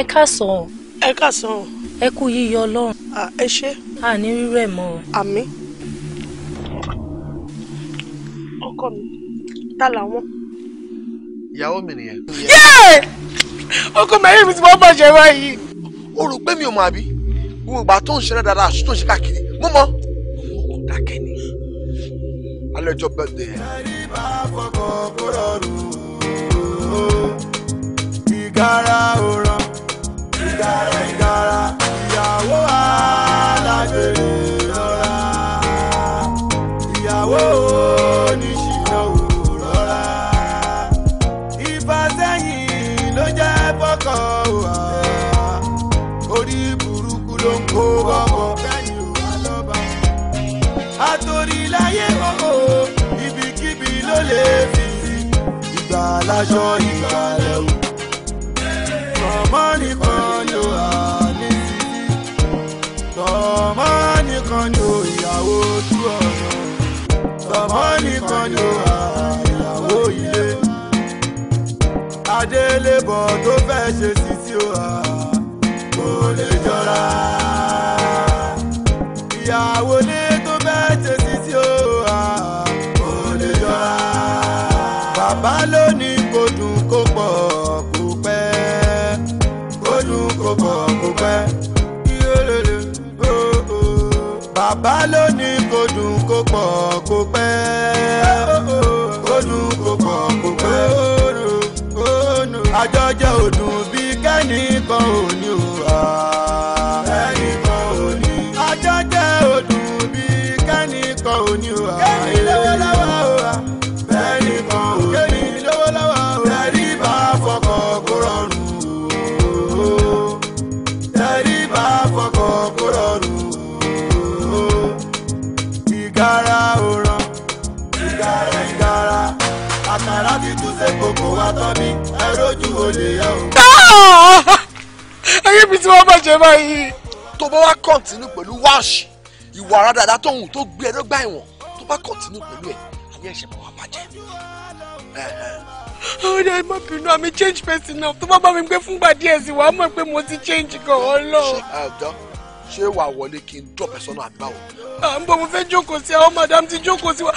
ẹ káàsán. ẹ káàsán. ẹ kú yíyọ ọlọ́run. ẹ ṣé. a ní rírẹ̀ mọ́. àmín. ọkọ mi ta làwọn. ìyàwó mi nìyẹn. yéè ọkọ mẹ́rin mi ti máa bàjẹ́ báyìí. o rò pé mi ò mọ àbí gbogbo ìgbà tó ń ṣeré dáadáa aṣọ tó ń ṣe káàkiri mo mọ. mo kò dákẹ́ ni alẹ́ ọjọ́ bẹ́ẹ̀ dé. ìyá fọkọ kó rọrùn ìgárá òràn ìgárá ìgárá ìyàwó alágbèrè lọ́ra ìyàwó. aláṣọ ìsàlẹ̀ o. tọmọ nìkan ló hà ní títí tọmọ nìkan ló ìyàwó tú ọ̀nà tọmọ nìkan ló hà ìyàwó ilé adélébọ̀ tó fẹ́ ṣe sí. bàbá ló ní kó dùn kó pọ̀ kó pẹ́ kó dùn kó pọ̀ kó pẹ́ àjọjẹ ò dùn bí kẹ́nìkan ò ní o. Ah! ayé mi tí wọ́n bàjẹ́ báyìí. tó bá wá kọ́ntínú pẹ̀lú wáṣì ìwà ara dáadáa tóun tó gbé ẹ lọ́gbà ẹ̀wọ̀n tó bá kọ́ntínú pẹ̀lú ẹ̀ ayé ẹ̀ṣẹ̀ máa wá bàjẹ́. ó dà ẹ má bínú àmì change person náà tó bá bá mi gbé fúngbà díẹ̀ sí wàá mọ̀ pé mo ti change gan ọlọ́run. ṣé wàá wọlé kí n drop ẹ sọ́nà àgbà wọn. à ń bọ̀ mo fẹ́ jókòó sí àwọn madam ti jókòó sí wa.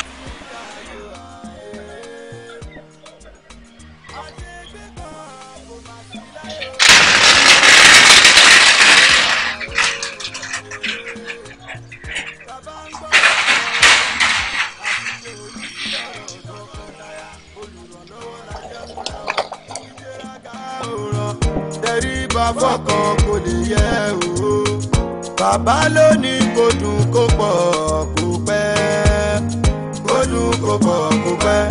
afọ́kàn kò lè yẹ o bàbá ló ní kó dùn kó pọ̀ kó pẹ́ kó dùn kó pọ̀ kó pẹ́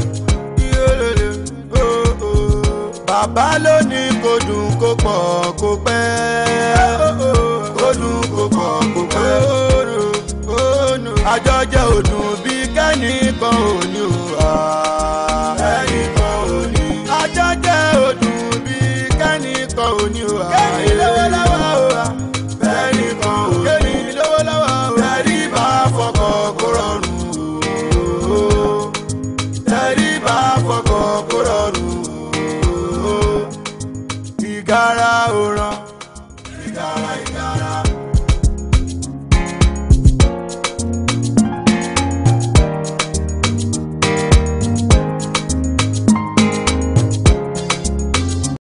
bàbá ló ní kó dùn kó pọ̀ kó pẹ́ kó dùn kó pọ̀ kó pẹ́ àjọjẹ ò dùn bí kẹ́nìkan ò ní o.